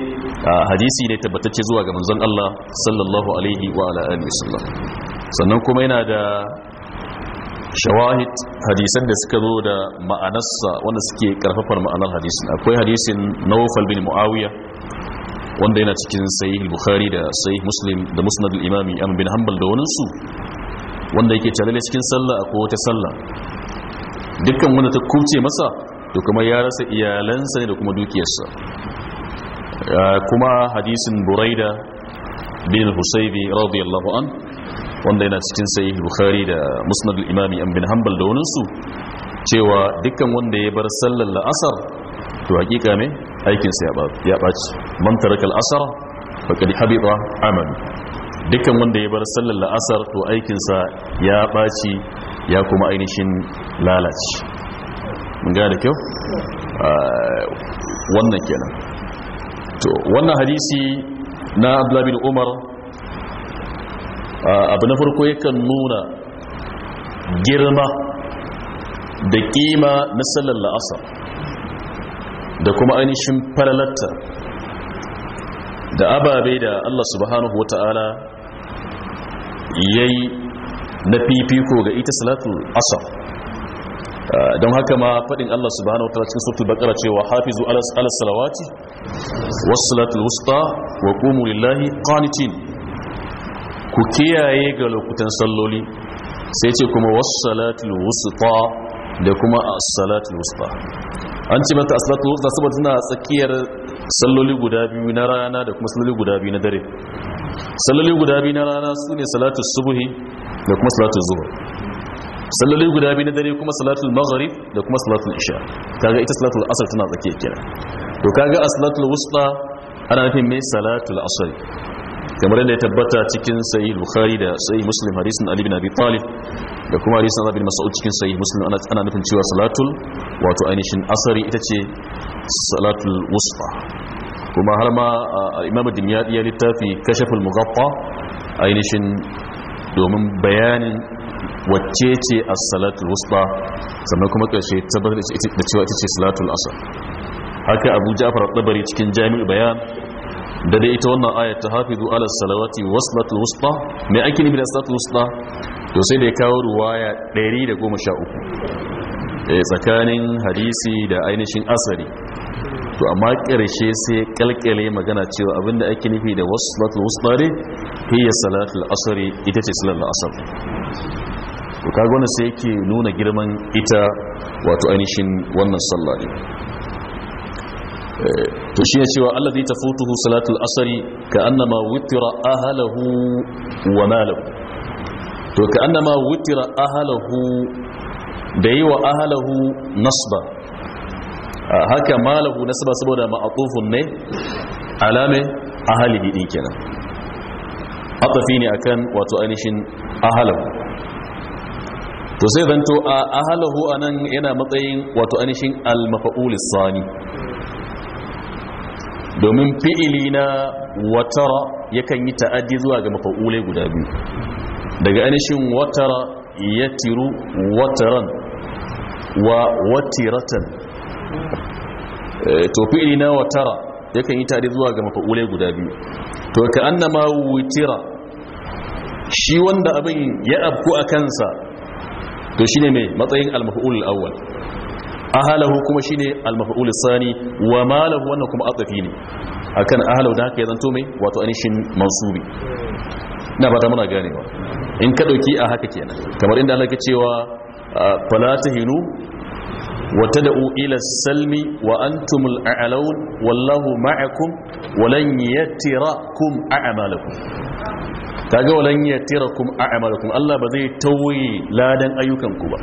hadisi ne tabbatacce zuwa ga manzon allah sallallahu alaihi wa ala alihi sannan kuma yana da shawahid hadisan da suka zo da ma'anarsa wanda suke karfafar ma'anar hadisin akwai hadisin nawfal bin muawiya wanda yana cikin sahih bukhari da sahih muslim da musnad al-imam ahmad bin hanbal da waninsu. su wanda yake tare da cikin sallah akwai wata sallah dukkan wanda ta kuce masa to kuma ya rasa iyalansa ne da kuma dukiyarsa kuma hadisin buraida bin husaybi radiyallahu an wanda yana cikin sahih bukhari da musnad al-imam ahmad bin hanbal da waninsu. cewa dukkan wanda ya bar sallar la'asar to hakika ne aikinsa ya ɓaci man taraka al-asr faqad habita amal dukkan wanda ya bar sallar la'asar to aikinsa ya ɓaci ya kuma ainihin lalace mun ga da kyau ah, wannan kenan to wannan hadisi na abdullahi bin umar ah, abu na farko yakan nuna girma da kima na sallar la'asar da kuma ainihin falalatta da ababe da Allah subhanahu wa ta'ala ya yi na fifiko ga ita salatul asr ah, don haka ma faɗin Allah subhanahu wa ta'ala cikin suratul baqara cewa hafizu alas salawati wasu salatul wusta wa qumu lillahi qanitin ku kiyaye ga lokutan salloli sai ce kuma wasu salatul wusta da kuma as salatul wusta an ce mata as salatul wusta saboda tana tsakiyar salloli guda biyu na rana da kuma salloli guda biyu na dare salloli guda biyu na rana su ne salatu subuhi da kuma salatu zuhur salloli guda biyu na dare kuma salatul maghrib da kuma salatul isha kaga ita salatul asr tana tsakiya kenan to kaga as-salatul wusta ana nufin mai salatul asr kamar yadda ya tabbata cikin sayi bukhari da sayi muslim harisun ali bin abi talib da kuma harisun ali bin mas'ud cikin sayi muslim ana nufin cewa salatul wato ainihin asari ita ce salatul wusfa kuma har ma imam dimyadi ya littafi kashaful mughaffa ainihin domin bayanin wacce ce a salatul wusfa sannan kuma karshe tabbatar da cewa ita ce salatul Asar haka abu ja'far al-tabari cikin jami'u bayan da dai ita wannan ayat ta hafizu ala salawati waslatul wusta mai ake nufi da salatul wusta to sai da ya kawo ruwaya 113 eh, tsakanin hadisi da ainihin asari to amma ƙarshe sai kalkale magana cewa abinda ake nufi da waslatul wusta ne hiya salatul asari ita ce salatul asar to kaga wannan sai yake nuna girman ita wato ainihin wannan sallah ne eh, to shi ne cewa Allah zai tafutuhu salatul asari ka annama wutira ahalahu wa malahu to ka annama wutira ahalahu da yi wa ahalahu nasba haka malahu nasba saboda ma'atufun ne alame ahalihi din kenan atafi ne akan wato ainihin ahalahu to sai zanto a ahalahu anan yana matsayin wato ainihin al-mafa'ul sani domin fi'ili na watara yakan yi ta'addi zuwa ga mafa'ulai guda biyu daga anishin watara ya tiru wataran wa watiratan eh, to fi'ili na watara yakan yi ta'addi zuwa ga mafa'ulai guda biyu to ka annama wutira shi wanda abin ya abku a kansa to shine mai matsayin al-maf'ul al-awwal ahalahu kuma shine al-maf'ul sani wa malahu wannan kuma atafi ne akan ahalahu da haka ya zanto mai wato anishin mansubi na fata muna ganewa in ka dauki a haka kenan kamar inda Allah ke cewa fala tahinu wa tad'u ila salmi wa antum al-a'laun wallahu ma'akum wa lan yatirakum a'malakum kaga walan yatirakum a'malakum Allah ba zai tauye ladan ayyukanku ba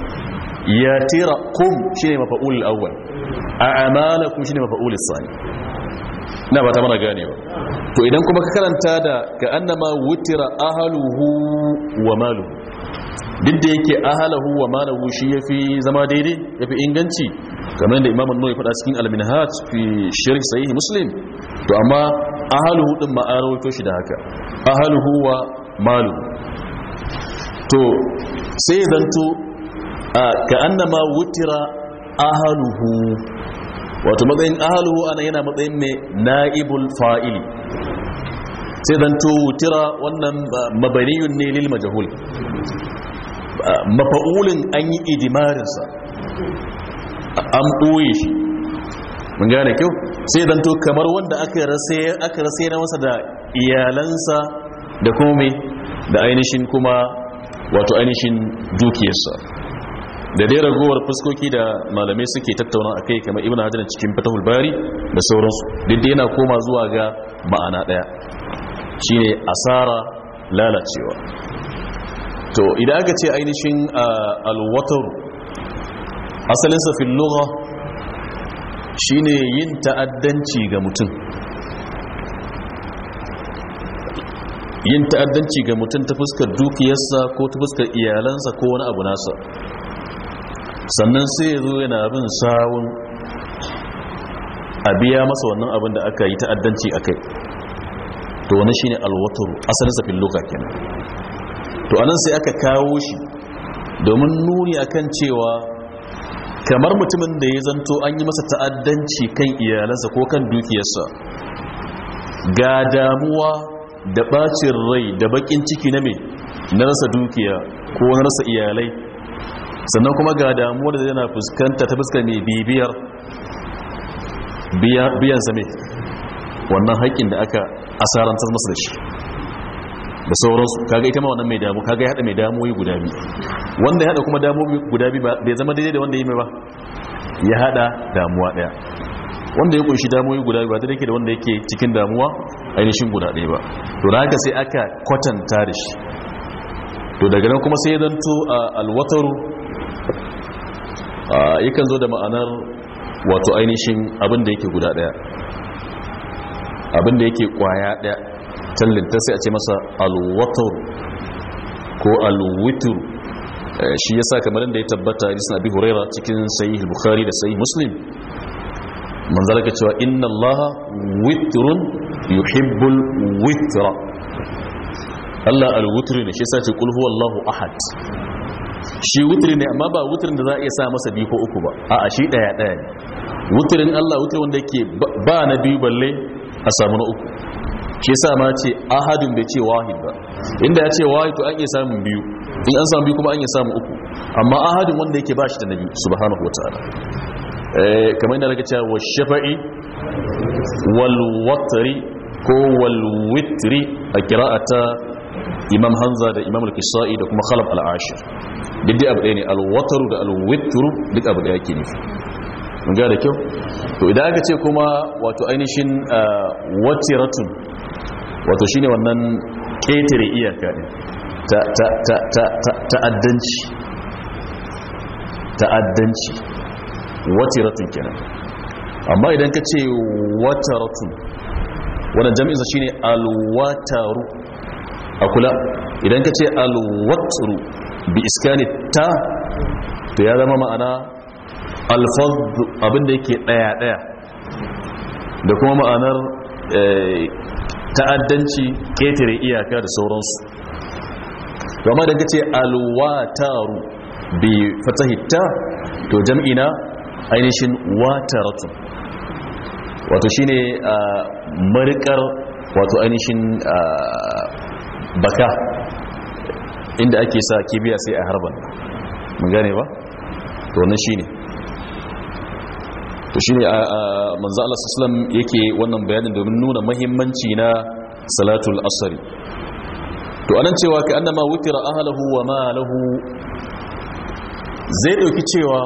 ya tira kum shine mafa'ul awwal a shi shine mafa'ul sani na ba ta mana gane ba to idan kuma ka karanta da ga annama wutira ahaluhu wa maluhu duk da yake ahalahu wa maluhu shi ya fi zama daidai ya fi inganci kamar yadda imamun nuna ya faɗa cikin alminhaj fi shirin sahihi muslim to amma ahaluhu din ma aro rawaito shi da haka ahaluhu wa maluhu to sai zanto Ah, ka annama wutira ahaluhu wato matsayin ahaluhu ana yana matsayin mai na'ibul fa'ili sai dan to wutira wannan mabaniyun ne lil majhul ah, mafa'ulin an yi sa, an ɓoye shi mun gane kyau sai dan to kamar wanda aka rasa aka rasa na masa da iyalansa da kuma da ainihin kuma wato ainihin dukiyarsa da dai ragowar fuskoki da malamai suke tattauna a kai kamar ibn hajjar cikin fatahul bari da sauransu duk yana koma zuwa ga ma'ana ɗaya shine asara lalacewa to idan aka ce ainihin alwatar asalinsa fil lugha shine yin ta'addanci ga mutum yin ta'addanci ga mutum ta fuskar dukiyarsa ko ta fuskar iyalansa ko wani abu nasa sannan sai ya zo yana bin sawun a biya masa wannan abin da aka yi ta'addanci a kai to wani shine alwatar asalin safin loka kenan to anan sai aka kawo shi domin nuni akan cewa kamar mutumin da ya zanto an yi masa ta'addanci kan iyalansa ko kan dukiyarsa ga damuwa da bacin rai da bakin ciki na mai na rasa dukiya ko na rasa iyalai sannan kuma ga damuwar da yana fuskanta ta fuskar mai bibiyar biyan same wannan haƙƙin da aka asarantar masa da shi da sauransu kaga ita ma wannan mai damu kaga ya haɗa mai yi guda biyu wanda ya haɗa kuma damu guda biyu ba ya zama daidai da wanda yi mai ba ya haɗa damuwa ɗaya wanda ya kunshi yi guda biyu ba dake da wanda yake cikin damuwa ainihin guda ɗaya ba to da haka sai aka kwatanta da shi to daga nan kuma sai zanto a alwataru yakan zo da ma'anar wato ainihin abin da yake guda daya abin da yake kwaya daya tallinta sai a ce masa alwatar ko alwitar eh, shi ya sa kamar da ya tabbata hadisin abi huraira cikin sayi bukhari da sayi muslim manzala ka cewa inna allaha witrun yuhibbul witra Allah al ne shi yasa ce kul huwallahu ahad shi wutiri ne amma ba wutrin da za a iya sa masa biyu ko uku ba a shi daya daya ne wutrin Allah wutri wanda yake ba na biyu balle a samu na uku Ke sa ma ce ahadin bai ce wahid ba inda ya ce wahid to an iya samun biyu in an samu biyu kuma an iya samun uku amma ahadin wanda yake ba shi da nabi subhanahu wataala eh kamar inda daga cewa shafa'i wal watri ko wal witri a qira'ata imam hanza da imam al-kisa'i da kuma khalaf al-ashir duk abu ɗaya ne al-wataru da al-witru duk abu ɗaya ke nufi mun ga da kyau to idan aka ce kuma wato ainihin ah, watiratun wato shine wannan ƙetare iyaka ne ta'addanci ta'addanci watiratun kenan amma idan ka ce wataratun wannan jami'insa shine alwataru a kula idan ka ce alwatsuru bi iskani ta to ya zama ma'ana alfaz abinda yake daya-daya da kuma ma'anar eh, ta'addanci ketare iyaka da sauransu gama da kace alwataru bi fatahitta to jam'ina ainihin wataratu wato shine ah, marikar wato ainihin ah, baka inda ake sa kibiya sai a harba. mun gane ba to wannan shine to shine a manzo Allah wasallam yake wannan bayanin domin nuna muhimmanci na salatul asr to anan cewa ka annama wutira ahlihu wa malahu zai dauki cewa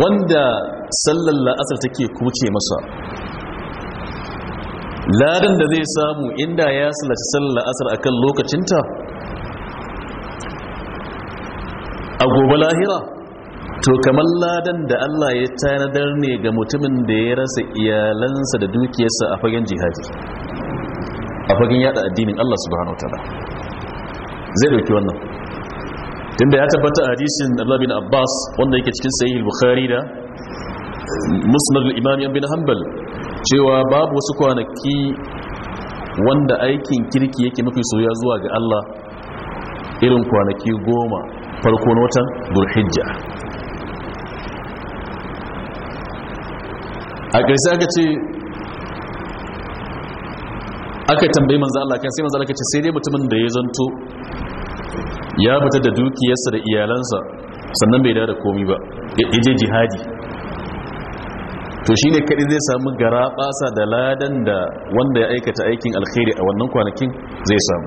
wanda sallar la'asar take kuce masa ladan da zai samu inda ya sallaci sallar asar akan lokacinta a gobe lahira to kamar ladan da Allah ya tanadar ne ga mutumin da ya rasa iyalansa da dukiyarsa a fagen jihadi a fagen yada addinin Allah subhanahu wataala zai dauki wannan tunda ya tabbata hadisin Allah bin Abbas wanda yake cikin sahih al-Bukhari da musnad al-Imam Ibn Hanbal cewa babu wasu kwanaki wanda aikin kirki yake mafi soya zuwa ga Allah irin kwanaki goma farko na watan durhijja a ƙarshe aka ce aka tambayi manzo Allah kan sai manzo Allah ce sai dai mutumin da ya zanto ya fita da dukiyarsa da iyalansa sannan bai da komi ba ya je jihadi to shine kadai zai samu gara basa da ladan da wanda ya aikata aikin alkhairi a wannan kwanakin zai samu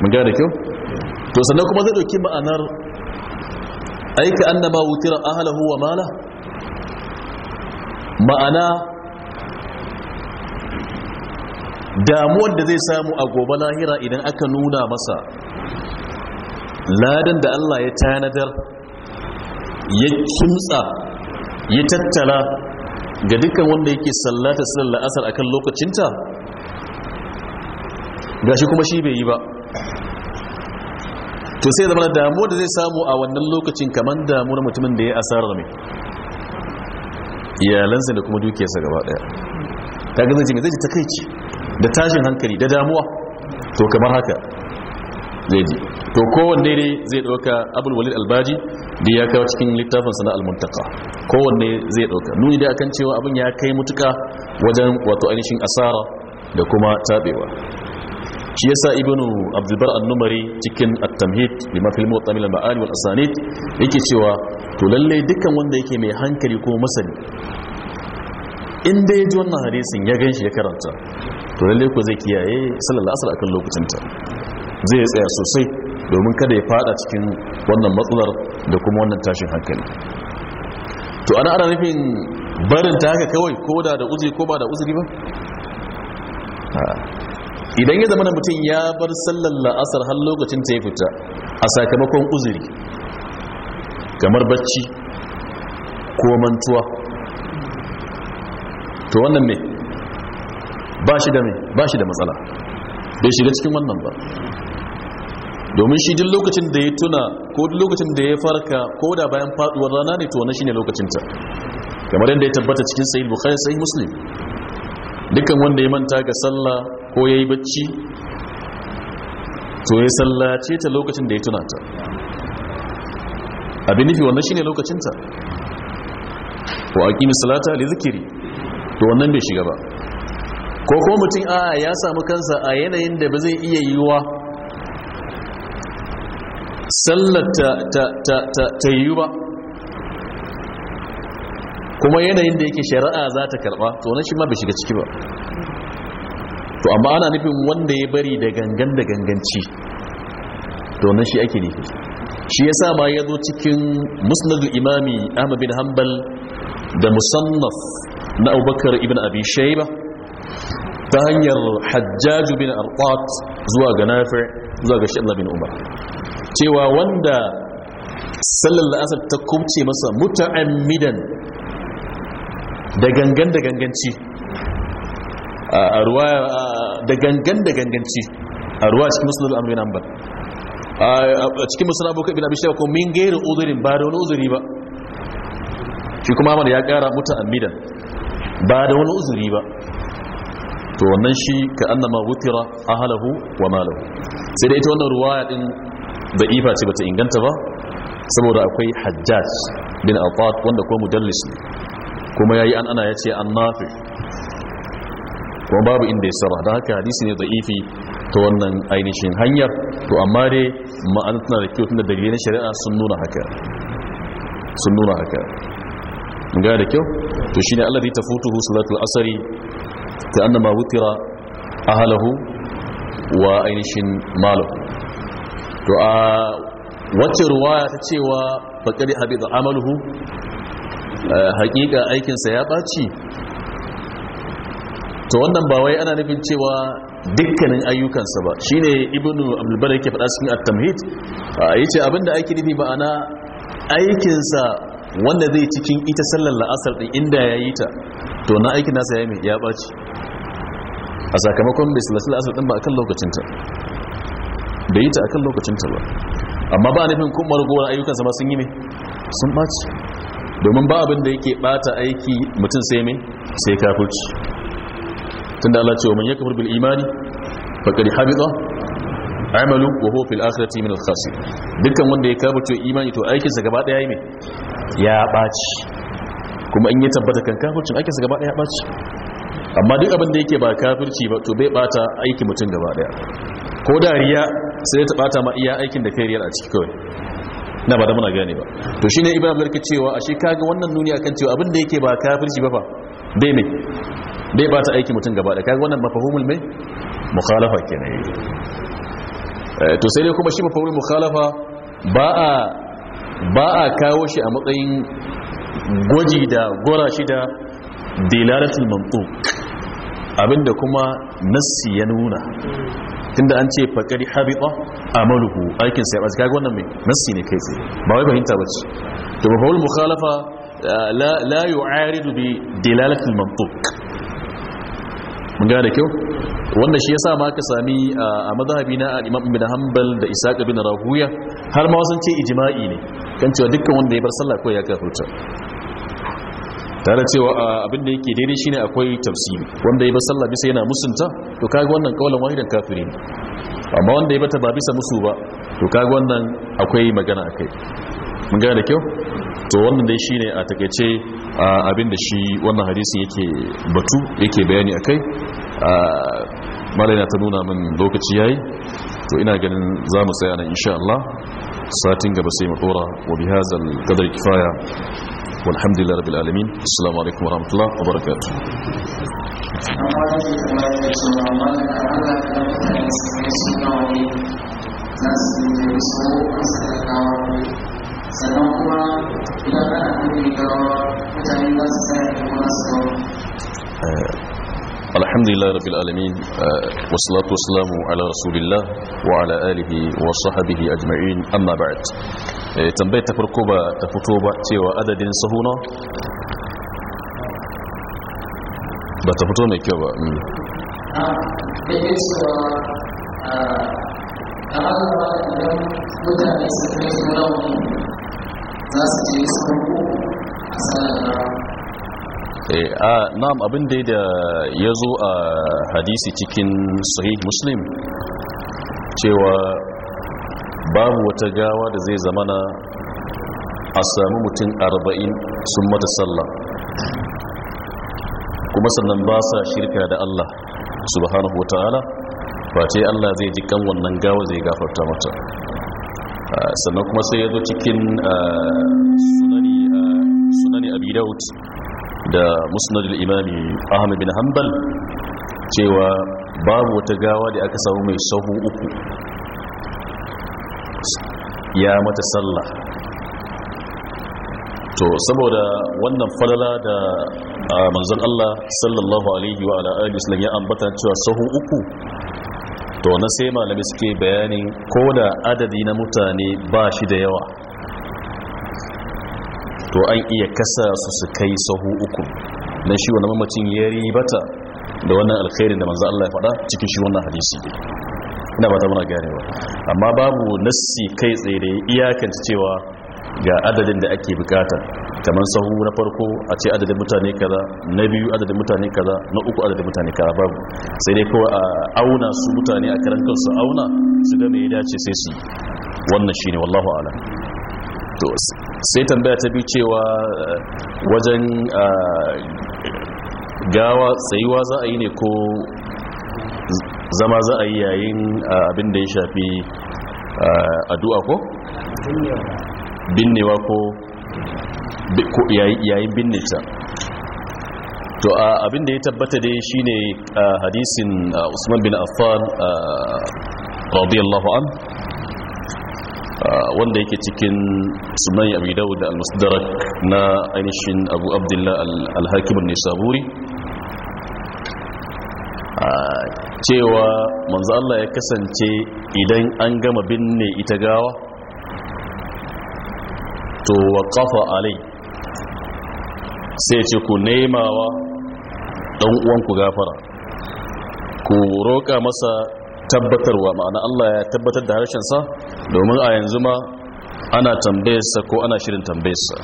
mun ga da kyau to sannan kuma zai doki ma'anar aika annama wutira ahlahu wa mala ma'ana damuwar da zai samu a gobe lahira idan aka nuna masa ladan da Allah ya tanadar ya kimtsa ya tattala ga dukkan wanda yake sallata sallar la'asar akan lokacinta gashi kuma shi bai yi ba to sai zama damuwa da zai samu a wannan lokacin kamar damuwar mutumin da ya asarar mai iyalansa da kuma dukiyarsa gaba daya ta gaza jini zai ji takaici da tashin hankali da damuwa to kamar haka zai ji to kowanne ne zai ɗauka abul walid albaji da ya kawo cikin littafin sana almuntaka kowanne zai ɗauka nuni da akan cewa abin ya kai mutuka wajen wato ainihin asara da kuma tabewa shi yasa ibnu abdulbar annumari cikin at-tamhid ma fil mu'tamil al-ma'ani wal asanid yake cewa to lalle dukkan wanda yake mai hankali ko masani in da ya ji wannan hadisin ya ganshi ya karanta to lalle ko zai kiyaye sallallahu alaihi wasallam akan lokacin ta zai tsaya sosai domin kada ya fada cikin wannan matsalar da kuma wannan tashin hankali to ana ana nufin barin ta haka kawai ko da da uzuri ko ba da uzuri ba idan ya zama mutum ya bar sallar la'asar har lokacin ta ya fita a sakamakon uzuri kamar bacci ko mantuwa to wannan ne ba shi da matsala bai shiga cikin wannan ba domin shi duk lokacin da ya tuna ko duk lokacin da ya farka ko da bayan faduwar rana ne to wannan shine lokacinta? kamar yadda ya tabbata cikin sahih bukhari sahih muslim dukkan wanda ya manta ga sallah ko yayi bacci to ya sallace ta lokacin da ya tuna ta abin nufi wannan shine lokacinta ta wa aqimi salata li Zikiri to wannan bai shiga ba ko ko mutum a ya samu kansa a yanayin da ba zai iya yiwa sallar ta yiwu ba kuma yanayin da yake shari'a za ta karba to nan shi ma bai shiga ciki ba to amma ana nufin wanda ya bari da gangan da ganganci to nan shi ake nufi shi sa ma ya zo cikin musnadul imami ahmad bin hanbal da musamman na abubakar ibn abi shayba ta hanyar Hajjaju bin arqat zuwa ga nafi zuwa ga shi bin umar cewa wanda sallar la'asar ta kumce masa muta'ammidan da gangan da ganganci a ruwa da gangan da ganganci a ruwa cikin musulun al'amri nan ba a cikin musulun abokan bin abishai ko min gairin uzurin ba da wani uzuri ba shi kuma amur ya kara midan ba da wani uzuri ba to wannan shi ka annama wutira ahalahu wa malahu sai da ita wannan ya din da ifa ce bata inganta ba saboda akwai hajjaj bin alfat wanda kuma mudallis ne kuma ya yi an ana ya ce an nafi kuma babu inda ya saba da haka hadisi ne da ifi ta wannan ainihin hanyar to amma dai ma'ana tana da kyau tunda dalilai na shari'a sun nuna haka sun nuna haka ga da kyau to shine Allah zai tafutuhu salatul asari ta annama wutira ahlahu wa ainihin malahu to a wacce ruwaya ta cewa bakari habibu amalhu eh, hakika aikinsa ya ɓaci to wannan ba wai ana nufin cewa dukkanin ayyukansa ba shine ibnu abdulbar yake faɗa cikin at-tamhid yace abinda ake nufi ma'ana aikinsa wanda zai cikin ita sallar la'asar din inda yayi ta to na aikin nasa yayi ya ɓaci a sakamakon bai sallar la'asar din ba a lokacin ta bai yi ta akan lokacinta ba amma ba nufin kun margowar ayyukansa ma sun yi ne sun ɓaci domin ba abin da yake ɓata aiki mutum sai mai sai kafirci tun da Allah cewa mun ya kafir bil imani faƙari habita amalu wa hofil fil min al dukkan wanda ya kafirce imani to aikinsa gaba ɗaya yi mai ya ɓaci kuma in ya tabbata kan kafircin aikinsa gaba ɗaya ya ɓaci amma duk abin da yake ba kafirci ba to bai ɓata aiki mutum gaba ɗaya ko dariya sai ya bata ma iya aikin da kairiyar a ciki kawai na ba da muna gane ba to shine ibrahim larka cewa ashe kaga wannan nuni a kan cewa abin da yake ba kafirci ba fa dai mai, dai ba ta aiki mutum gaba da kaga wannan mafahumul mai mukhalafa kenan eh, to sai dai kuma shi mafahumul mukhalafa ba a ba a kawo shi a matsayin gwaji da gora shi da dilalatul mantuq abinda kuma nassi ya nuna tunda an ce fakari habita amaluhu aikin sai ya bace kaga wannan mai nassi ne kai tsaye ba wai fahimta bace to ba faul mukhalafa eh, la la yu'aridu bi dilalati al mantiq mun ga da kyau wannan shi yasa ma ka sami eh, a madhhabi na al-imam ibn hanbal da isaac ibn rahuya har ma wasan ce ijma'i ne kan cewa dukkan wanda ya bar sallah ko ya kafirta tare cewa abinda da yake daidai shine akwai tafsiri wanda ya ba sallah bisa yana musunta to kaga wannan kaulan wahidan kafiri amma wanda ya bata ba bisa musu ba to kaga wannan akwai magana akai mun gane da kyau to wannan dai shine a takeice abin da shi wannan hadisin yake batu yake bayani akai malaina ta nuna min lokaci yayi to ina ganin za mu tsaya nan insha Allah ساتين قبل سيم وبهذا القدر كفاية والحمد لله رب العالمين السلام عليكم ورحمة الله وبركاته sannan الحمد لله رب العالمين والصلاة والسلام على رسول الله وعلى آله وصحبه أجمعين أما بعد تنبيت تفرقوبة تفتوبة تيوى أدد سهونا بتفتو ميكيوبة Thank you. Eh, ah, na'am abin da ya zo a hadisi cikin sahih muslim cewa babu wata gawa da zai zamana a sami mutum arba'in sun mata sallah kuma sannan ba sa shirka da Allah subhanahu wa ta'ala ba ce Allah zai ji kan wannan gawa zai gafarta mata ah, sannan kuma sai ya zo cikin ah, sunani abi da musnadul imami ahmad bin hanbal cewa babu wata gawa da aka samu mai sahu uku ya mata sallah to saboda wannan falala da manzon Allah sallallahu alaihi wa alihi ya ambata cewa sahu uku to na sai malami suke bayani ko da adadi na mutane ba shi da yawa to an iya kasa su su kai sahu uku na shi wani mamacin ya ribata da wannan alkhairin da manzan Allah ya faɗa cikin shi wannan hadisi ina ba ta muna ganewa amma babu nassi kai tsaye da iyakance cewa ga adadin da ake bukata kamar sahu na farko a ce adadin mutane kaza na biyu adadin mutane kaza na uku adadin mutane kaza babu sai dai kawai a auna su mutane a karan kansu auna su ga me dace sai su wannan shine wallahu a'lam to sai tambaya ta bi cewa eh, wajen eh, gawa tsayiwa za a yi ne ko zama za a yi yayin eh, abin da ya shafi addu'a ko? binnewa ko yayin binne ta to abin da ya tabbata dai shine hadisin usman bin affan radiyallahu an wanda yake cikin sunan abi dawud da al na ainihin abu abdullah al-hakim an-nisaburi cewa manzo Allah ya kasance idan an gama binne ita gawa to waqafa alai sai ce ku nemawa dan uwanku gafara ku roƙa masa tabbatarwa ma'ana Allah ya tabbatar da harshensa domin a yanzu ma ana tambayarsa ko ana shirin tambayarsa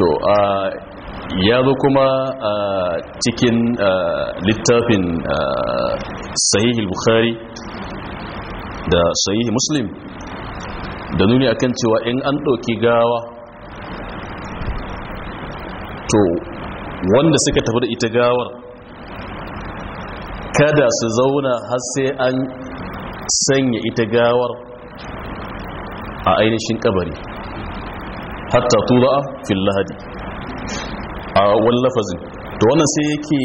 to a ya zo kuma a cikin littafin sahih bukhari da sahih muslim da nuni akan cewa in an ɗauki gawa to wanda suka tafi da ita gawar kada su zauna har sai an sanya ita gawar a ainihin kabari hatta tura'a fil lahadi a wani lafazin to wannan sai yake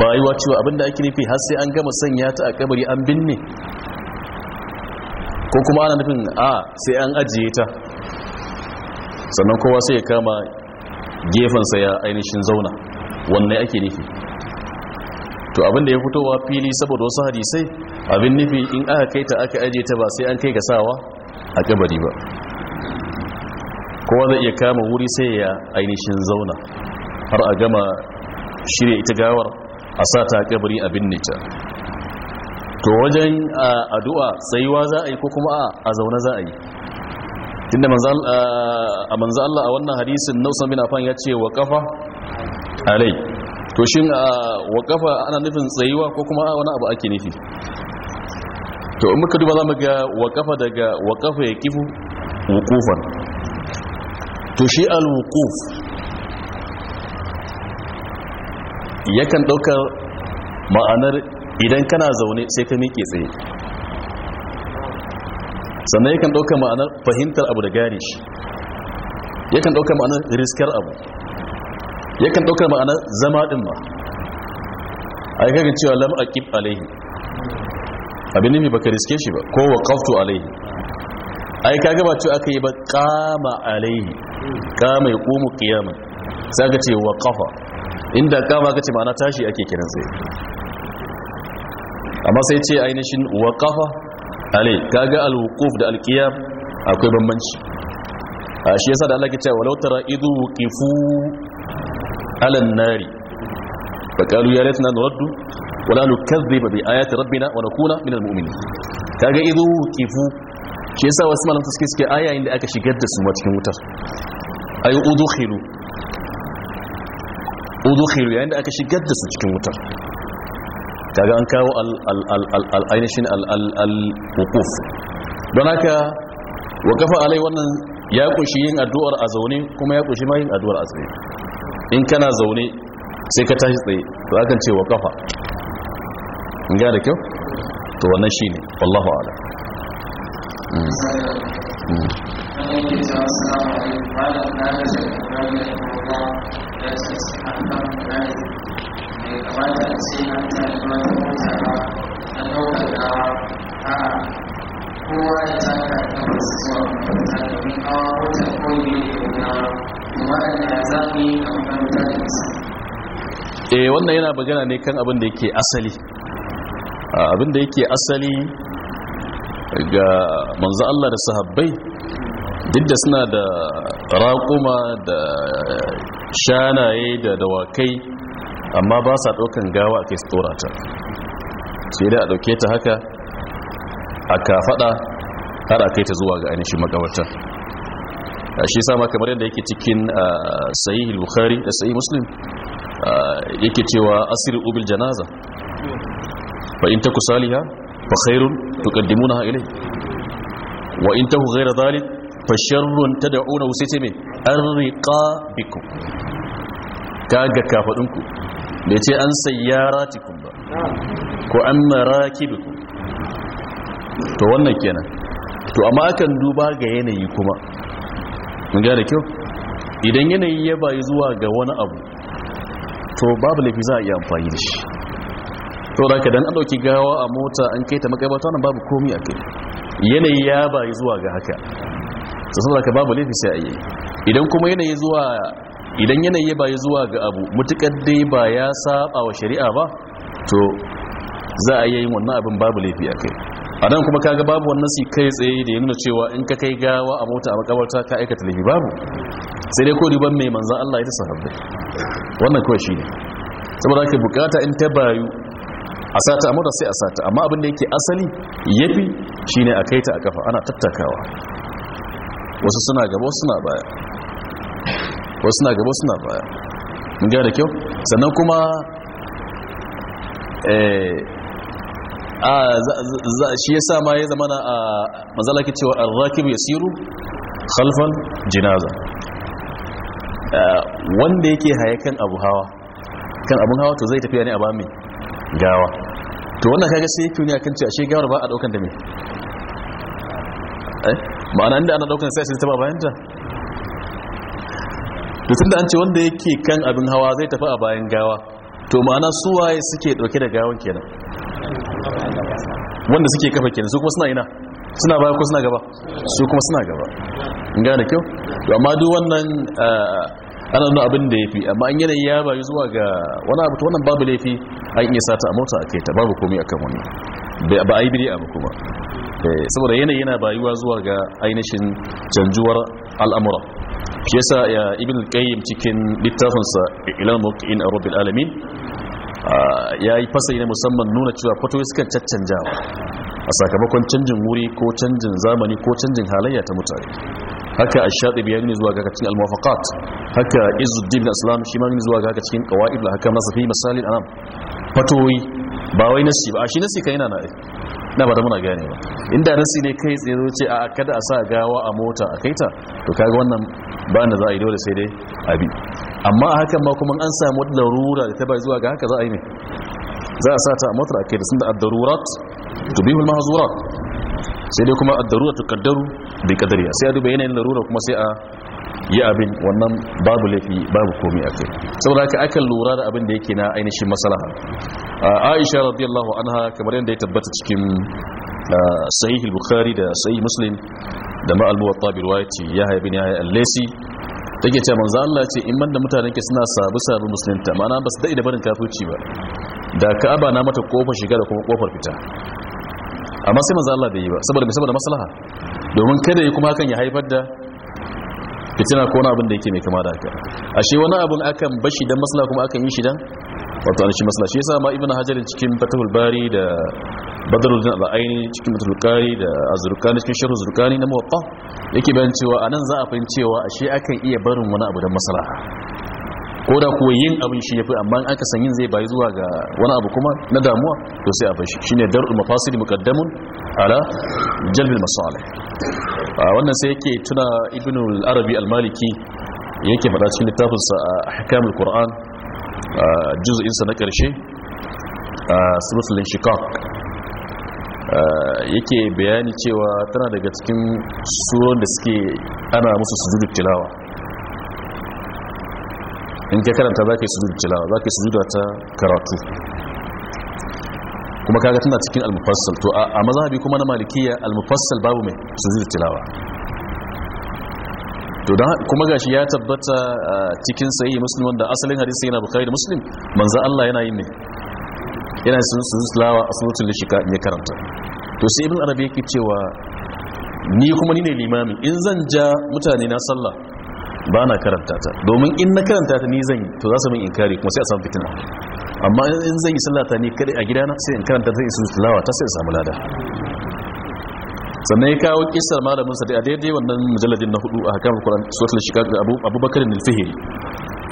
bayuwa cewa abinda ake nufi har sai an gama sanya ta a kabari an binne ko kuma ana nufin a sai an ajiye ta sannan kowa sai ya kama gefensa ya ainihin zauna wannan ake nufi to abinda ya fito wa fili saboda wasu hadisai abin nufi in aka kai ta aka aje ta ba sai an kai ga sawa a kabari ba kowa zai iya kama wuri sai ya ainihin zauna har a gama shirya ita gawar a sa ta kabari a binne ta to wajen addu'a tsayuwa za a yi ko kuma a zaune za a yi inda manzo Allah a wannan hadisin Nausa bin afan ya ce wa kafa alai to shin a wakafa ana nufin tsayuwa ko kuma wani abu ake nufi to in muka duba za mu ga wakafa daga wakafa ya kifu wukufan to shi al-wukuf yakan ɗaukar ma'anar idan kana zaune sai ka miƙe tsaye sannan yakan ɗaukar ma'anar fahimtar abu da gane shi yakan ɗaukar ma'anar riskar abu yakan ɗaukar ma'ana zama ɗin ba a yi cewa lam aqib alaihi abin mai baka riske shi ba ko wa qaftu alaihi ai kaga ba cewa aka yi ba qama alaihi ya kuma qiyama sai ka ce wa qafa inda qama ka ce ma'ana tashi ake kiran sai amma sai ce ainihin wa qafa alai kaga alwuquf da alqiyam akwai bambanci a shi yasa da Allah ke cewa walau tara idu wuqifu alan nari fa qalu ya laitana nuraddu wala la nukazziba bi ayati rabbina wa nakuna minal mu'minin kaga idu kifu shi yasa wasu malamta suke suke ayayin da aka shigar da su ma cikin wutar ayu udkhilu udkhilu yayin da aka shigar da su cikin wutar kaga an kawo al-ainihin al-wuquf don haka wakafa alai wannan ya kushi yin addu'ar a zaune kuma ya kushi ma yin addu'ar a in kana zaune sai ka tashi tsaye to akan ce wa kafa in da kyau to wannan shi ne wallahu ala kowa ya taka da wasu zuwa mutane domin hawa wata koyi da eh wannan yana bagana ne kan abin da yake asali ah, abin da yake asali ga manzo Allah da sahabbai duk da suna da raƙuma da shanaye da dawakai amma ba sa ɗaukan gawa a kai su ɗorata sai dai a ɗauke ta haka a faɗa har a kai ta zuwa ga ainihin makawarta Ah, shi sama kamar yadda yake cikin ah, sahih bukhari da sahih muslim ah, yake cewa asir ubil janaza fa in taku saliha fa khairun tuqaddimunaha ilay wa in taku ghayra dhalik fa sharrun tad'unahu sai ce me arriqabikum kaga kafadunku bai ce an sayyaratikum ba ko an marakibikum to wannan kenan to amma akan duba ga yanayi kuma ga da kyau idan yanayi ya bayi zuwa ga wani abu to babu laifi za a iya amfani da shi to da ka an ɗauki gawa a mota an kai ta makaibata nan babu komi a kai yanayi ya bayi zuwa ga haka to saboda ka babu laifi sai a yi idan kuma yanayi zuwa idan yanayi ya bayi zuwa ga abu mutukar dai ba ya saba wa shari'a ba to za a yi wannan abin babu laifi a kai a nan kuma kaga babu wannan su kai tsaye da ya nuna cewa in ka kai gawa a mota a makabarta ka aikata laifi babu sai dai ko ban mai manzan Allah ya ta sahabbai wannan kawai shi ne saboda ake bukata in ta bayu a sata a mota sai a sata amma abin da yake asali yafi ne a kai ta a kafa ana tattakawa wasu suna gaba wasu suna baya wasu suna gaba suna baya mun gane kyau sannan kuma eh shi ya sa ma ya zama na a mazalaki cewa arrakibu ya siru Khalfan? jinaza wanda yake haye kan abu hawa kan abun hawa to zai tafiya ne a ba mai gawa to wannan kaga sai yake ne kan cewa shi gawar ba a daukan da mai eh? ma'ana inda ana daukan sai shi ta bayan ta to tunda an ce wanda yake kan abin hawa zai tafi a bayan gawa to ma'ana suwaye suke dauke da gawan kenan wanda suke kafa kenan su kuma suna ina suna baya ko suna gaba su kuma suna gaba In gane kyau amma duk wannan eh, ana nuna abin da ya fi amma an yanayi ya bayu zuwa ga wani abu ta wannan babu laifi a iya sata a mota a kai ta babu komai akan wani ba a yi biri abu kuma eh, saboda yanayi yana bayuwa zuwa ga ainihin canjuwar al'amura shi yasa ibn qayyim cikin littafinsa ilal muqin a rabbil alamin ya yi fasari na musamman nuna cewa fatoyi sukan caccanjawa a sakamakon canjin wuri ko canjin zamani ko canjin halayya ta mutane haka a shaɗi biyar ne zuwa ga cikin almafakat haka izuddin na islam shi ma ne zuwa ga cikin kawai da haka masu fi misalin a nan fatoyi ba wai nasi ba a shi nasi kan yana na na ba da muna gane ba inda nasi ne kai tsaye zo ce a kada a sa gawa a mota a kaita to kaga wannan ba da za a yi dole sai dai abi amma a hakan ma kuma an samu wata larura da ta bai zuwa ga haka za a yi ne za a sa ta a motar a kai da sun da addarurat to bihu mul sai dai kuma addarurat kaddaru bi kadariya sai a duba yanayin larura kuma sai a yi abin wannan babu laifi babu komai a kai saboda haka akan lura da abin da yake na ainihin maslaha aisha radiyallahu anha kamar yadda ya tabbata cikin sahihul bukhari da sahih muslim da ma al-muwatta bi riwayati yahya bin yahya al-laysi take ce manzo Allah ce in man da mutanen ke suna sabu sabu musulunta mana ba su da da barin kafuci ba da ka'aba na mata kofar shiga da kuma kofar fita amma sai manzo Allah bai yi ba saboda saboda maslaha domin kada yi kuma hakan ya haifar da fitina ko wani abin da yake mai kama da haka ashe wani abin akan bashi dan masala kuma akan yi shi dan wato an shi masala shi yasa ma ibn hajar cikin fatahul bari da badruddin al-aini cikin fathul qari da azrukani cikin sharh azrukani na muwatta yake bayan cewa anan za a fahimci cewa ashe akan iya barin wani abu dan masala ko da kuwa yin abin shi yafi amma an aka san yin zai bayi zuwa ga wani abu kuma na damuwa to sai a bar shi shine darul mafasil muqaddamun ala jalbil masalih wannan sai yake tuna ibn al-arabi al-maliki yake faɗa cikin littafinsa a hakamul qur'an sa na ƙarshe a sulusulin shikak yake bayani cewa tana daga cikin suron da suke ana musu sujudu tilawa in ka karanta za yi sujudu tilawa za yi sujuda ta karatu kuma kaga tana cikin al-mufassal to a mazhabi kuma na malikiya al-mufassal babu mai sujudu tilawa to dan kuma gashi ya tabbata cikin sahihi muslim wanda asalin hadisi yana bukhari da muslim manzo Allah yana yin ne yana sun sujudu tilawa a suratul shika ne karanta to sai ibn arabi yake cewa ni kuma ni ne limami in zan ja mutane na sallah ba na karanta ta domin in na karanta ta ni zan yi to za su min inkari kuma sai a samu fitina amma in zan yi sallata ni kadai a gidana sai in karanta ta isu tilawa ta sai samu lada sannan ya kawo kisar malamin sa da daidai wannan mujalladin na hudu a hakamar Qur'an suratul shiga da Abu Bakar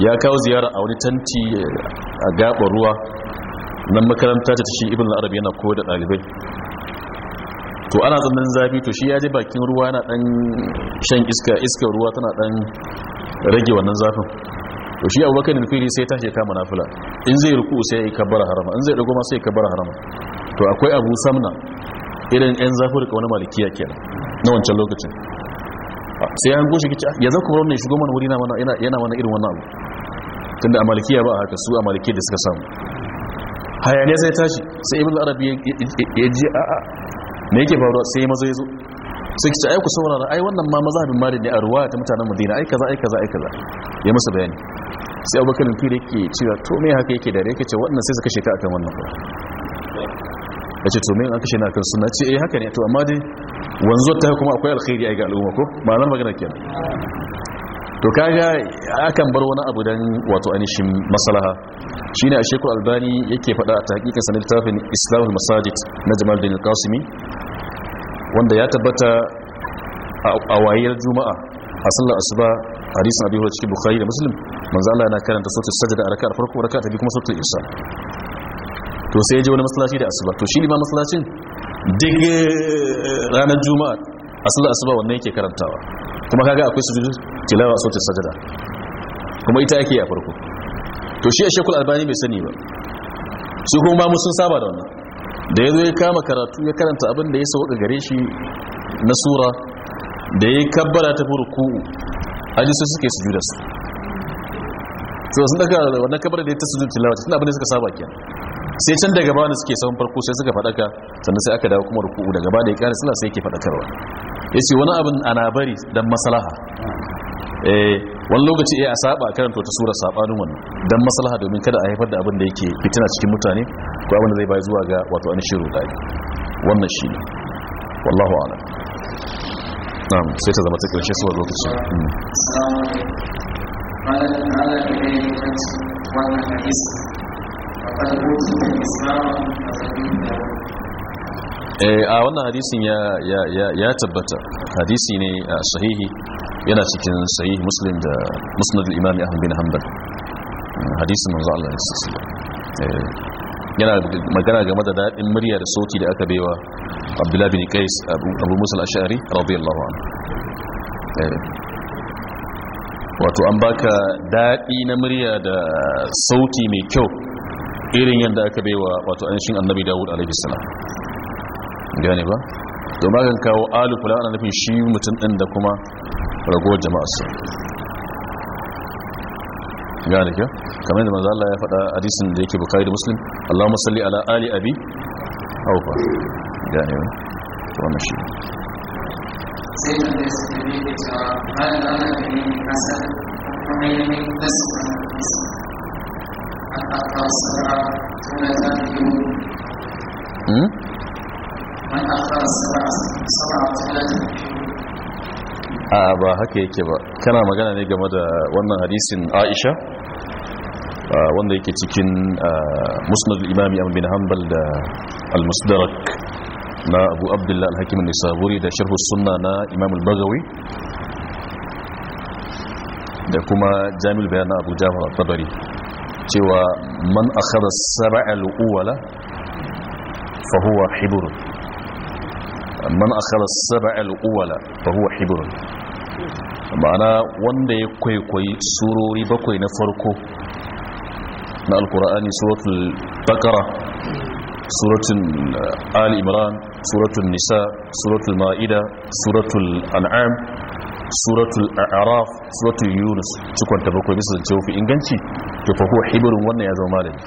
ya kawo ziyara a wani tanti eh, a gabar ruwa nan makaranta ta shi Ibn al-Arabi yana koyar da dalibai to ana tsananin zafi to shi ya je bakin ruwa na dan shan iska Iska ruwa tana dan rage wannan zafin to shi abubakar nufiri sai tashi kama nafila in zai ruku sai ya yi harama in zai dago ma sai ya kabbara harama to akwai abu samna irin yan zafi da wani malikiya kenan na wancan lokacin sai an goshi kici ah, ya zaka kuma wannan shugaban wuri na mana yana mana irin wannan abu tunda a malikiya ba haka su a malikiya da suka samu hayaniya sai tashi sai ibn arabi ya ji a'a me yake faruwa sai mazo ya zo sai ki ce ai ku saurara ai wannan ma bin malik ne a ruwaya ta mutanen madina ai kaza ai kaza ai kaza ya masa bayani sai abubakar fili yake cewa to me haka yake da yake ce wannan sai suka sheka akan wannan ya ce to me an kashe na kan suna ce eh haka ne to amma dai wanzuwar ta kuma akwai alkhairi ai ga al'umma ko zan magana kenan to kaga akan bar wani abu dan wato anishin maslaha shine a shekul albani yake faɗa a tahqiqa sanad littafin islamul masajid na bin al-qasimi wanda ya tabbata a wayar juma'a a sallar asuba hadisin abi hurairah cikin bukhari da muslim manzo Allah yana karanta suratul sajda a rak'a farko rak'a ta biyu kuma suratul isha to sai ya je wani masallaci da asuba to shi ma masallacin dige eh, ranar juma'a a sallar asuba wannan yake karantawa kuma kaga akwai sujudu tilawa sautin sajada kuma ita yake a farko to shi a shekul albani bai sani ba su kuma ba mu sun saba da wannan da ya zo ya kama karatu ya karanta abin da ya sauka gare shi na sura da ya kabbara ta furku aji su suke sujuda su to sun daga wannan kabbara da ya ta sujudu tilawa tun abin da suka saba kenan sai can daga bani suke saman farko sai suka fadaka sannan sai aka dawo kuma ruku'u daga bani ya kare suna sai yake fadakarwa yace wani abin ana bari dan maslaha eh wani lokaci eh a saba karanta wata sura sabanin wannan dan maslaha domin kada a haifar da abin da yake fitina cikin mutane ko abin da zai bai zuwa ga wato an shiru dai wannan shi ne wallahu a'lam na'am sai ta zama ta karshe su lokaci hmm. wannan Eh, a wannan hadisin ya tabbata hadisi ne a sahihi yana cikin sahihi muslim da musnadul imami ahmad bin hanbal mm, hadisin manzo Allah ne eh, yana magana game da daɗin murya da sauti da aka baiwa abdullahi bin qais abu musul ash'ari radiyallahu anhu eh, wato an baka daɗi na murya da sauti mai kyau irin yadda aka baiwa wato anshin annabi dawud alaihi salam gane ba to magan kawo alu kula ana nufin shi mutum din da kuma ragowar jama'arsa gane ke kamar yadda manzo Allah ya faɗa hadisin da yake bukari da muslim Allahumma salli ala ali abi aufa gane ba wannan shi sai da وأخر السبع سبعة a ba haka yake ba kana magana ne game da wannan hadisin aisha wanda yake cikin musnad imami abu bin hanbal da al-musdarak na abu abdullahi al-hakim nisaburi da sharhu sunna na imam al-bagawi da kuma jami'ul bayan na abu jafar al-tabari cewa man akhara sab'a al-uwala fa huwa hibrun man akhara sab'a awwala fa huwa hibrun ma'ana wanda ya kwaikwayi surori bakwai na farko na alkur'ani suratul baqara suratul uh, ali imran suratul nisa suratul ma'ida suratul an'am suratul a'raf suratul yunus cikon ta bakwai bisa zance fi inganci to fa huwa hibrun wannan ya zama malami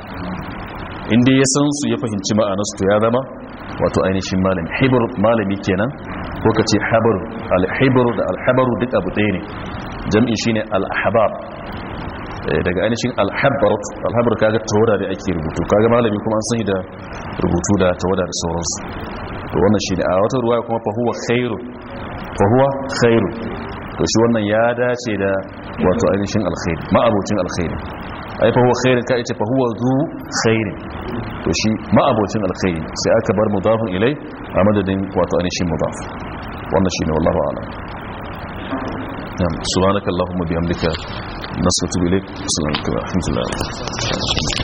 inda ya san su ya fahimci ma'anarsu to ya zama wato ainihin malami hibir malami kenan ko ka ce habaru alhibir da alhabaru duk abu ɗaya ne jam'i shine alhabab eh, daga ainihin alhabarut alhabar kaga tawada da ake rubutu kaga malami kuma an sani da rubutu da tawada da sauransu to wannan shine a wata ruwaya kuma fa huwa khairu fa huwa khairu to shi wannan ya dace da wato ainihin alkhairi ma abucin alkhairi ai fa huwa khairu ka ita fa huwa zu khairin to shi ma'abocin alkhairi sai aka bar mudafin ilai a madadin wato ainihin mudaf wannan shine wallahu a'lam نعم سبحانك اللهم بحمدك نصرت إليك السلام عليكم ورحمة الله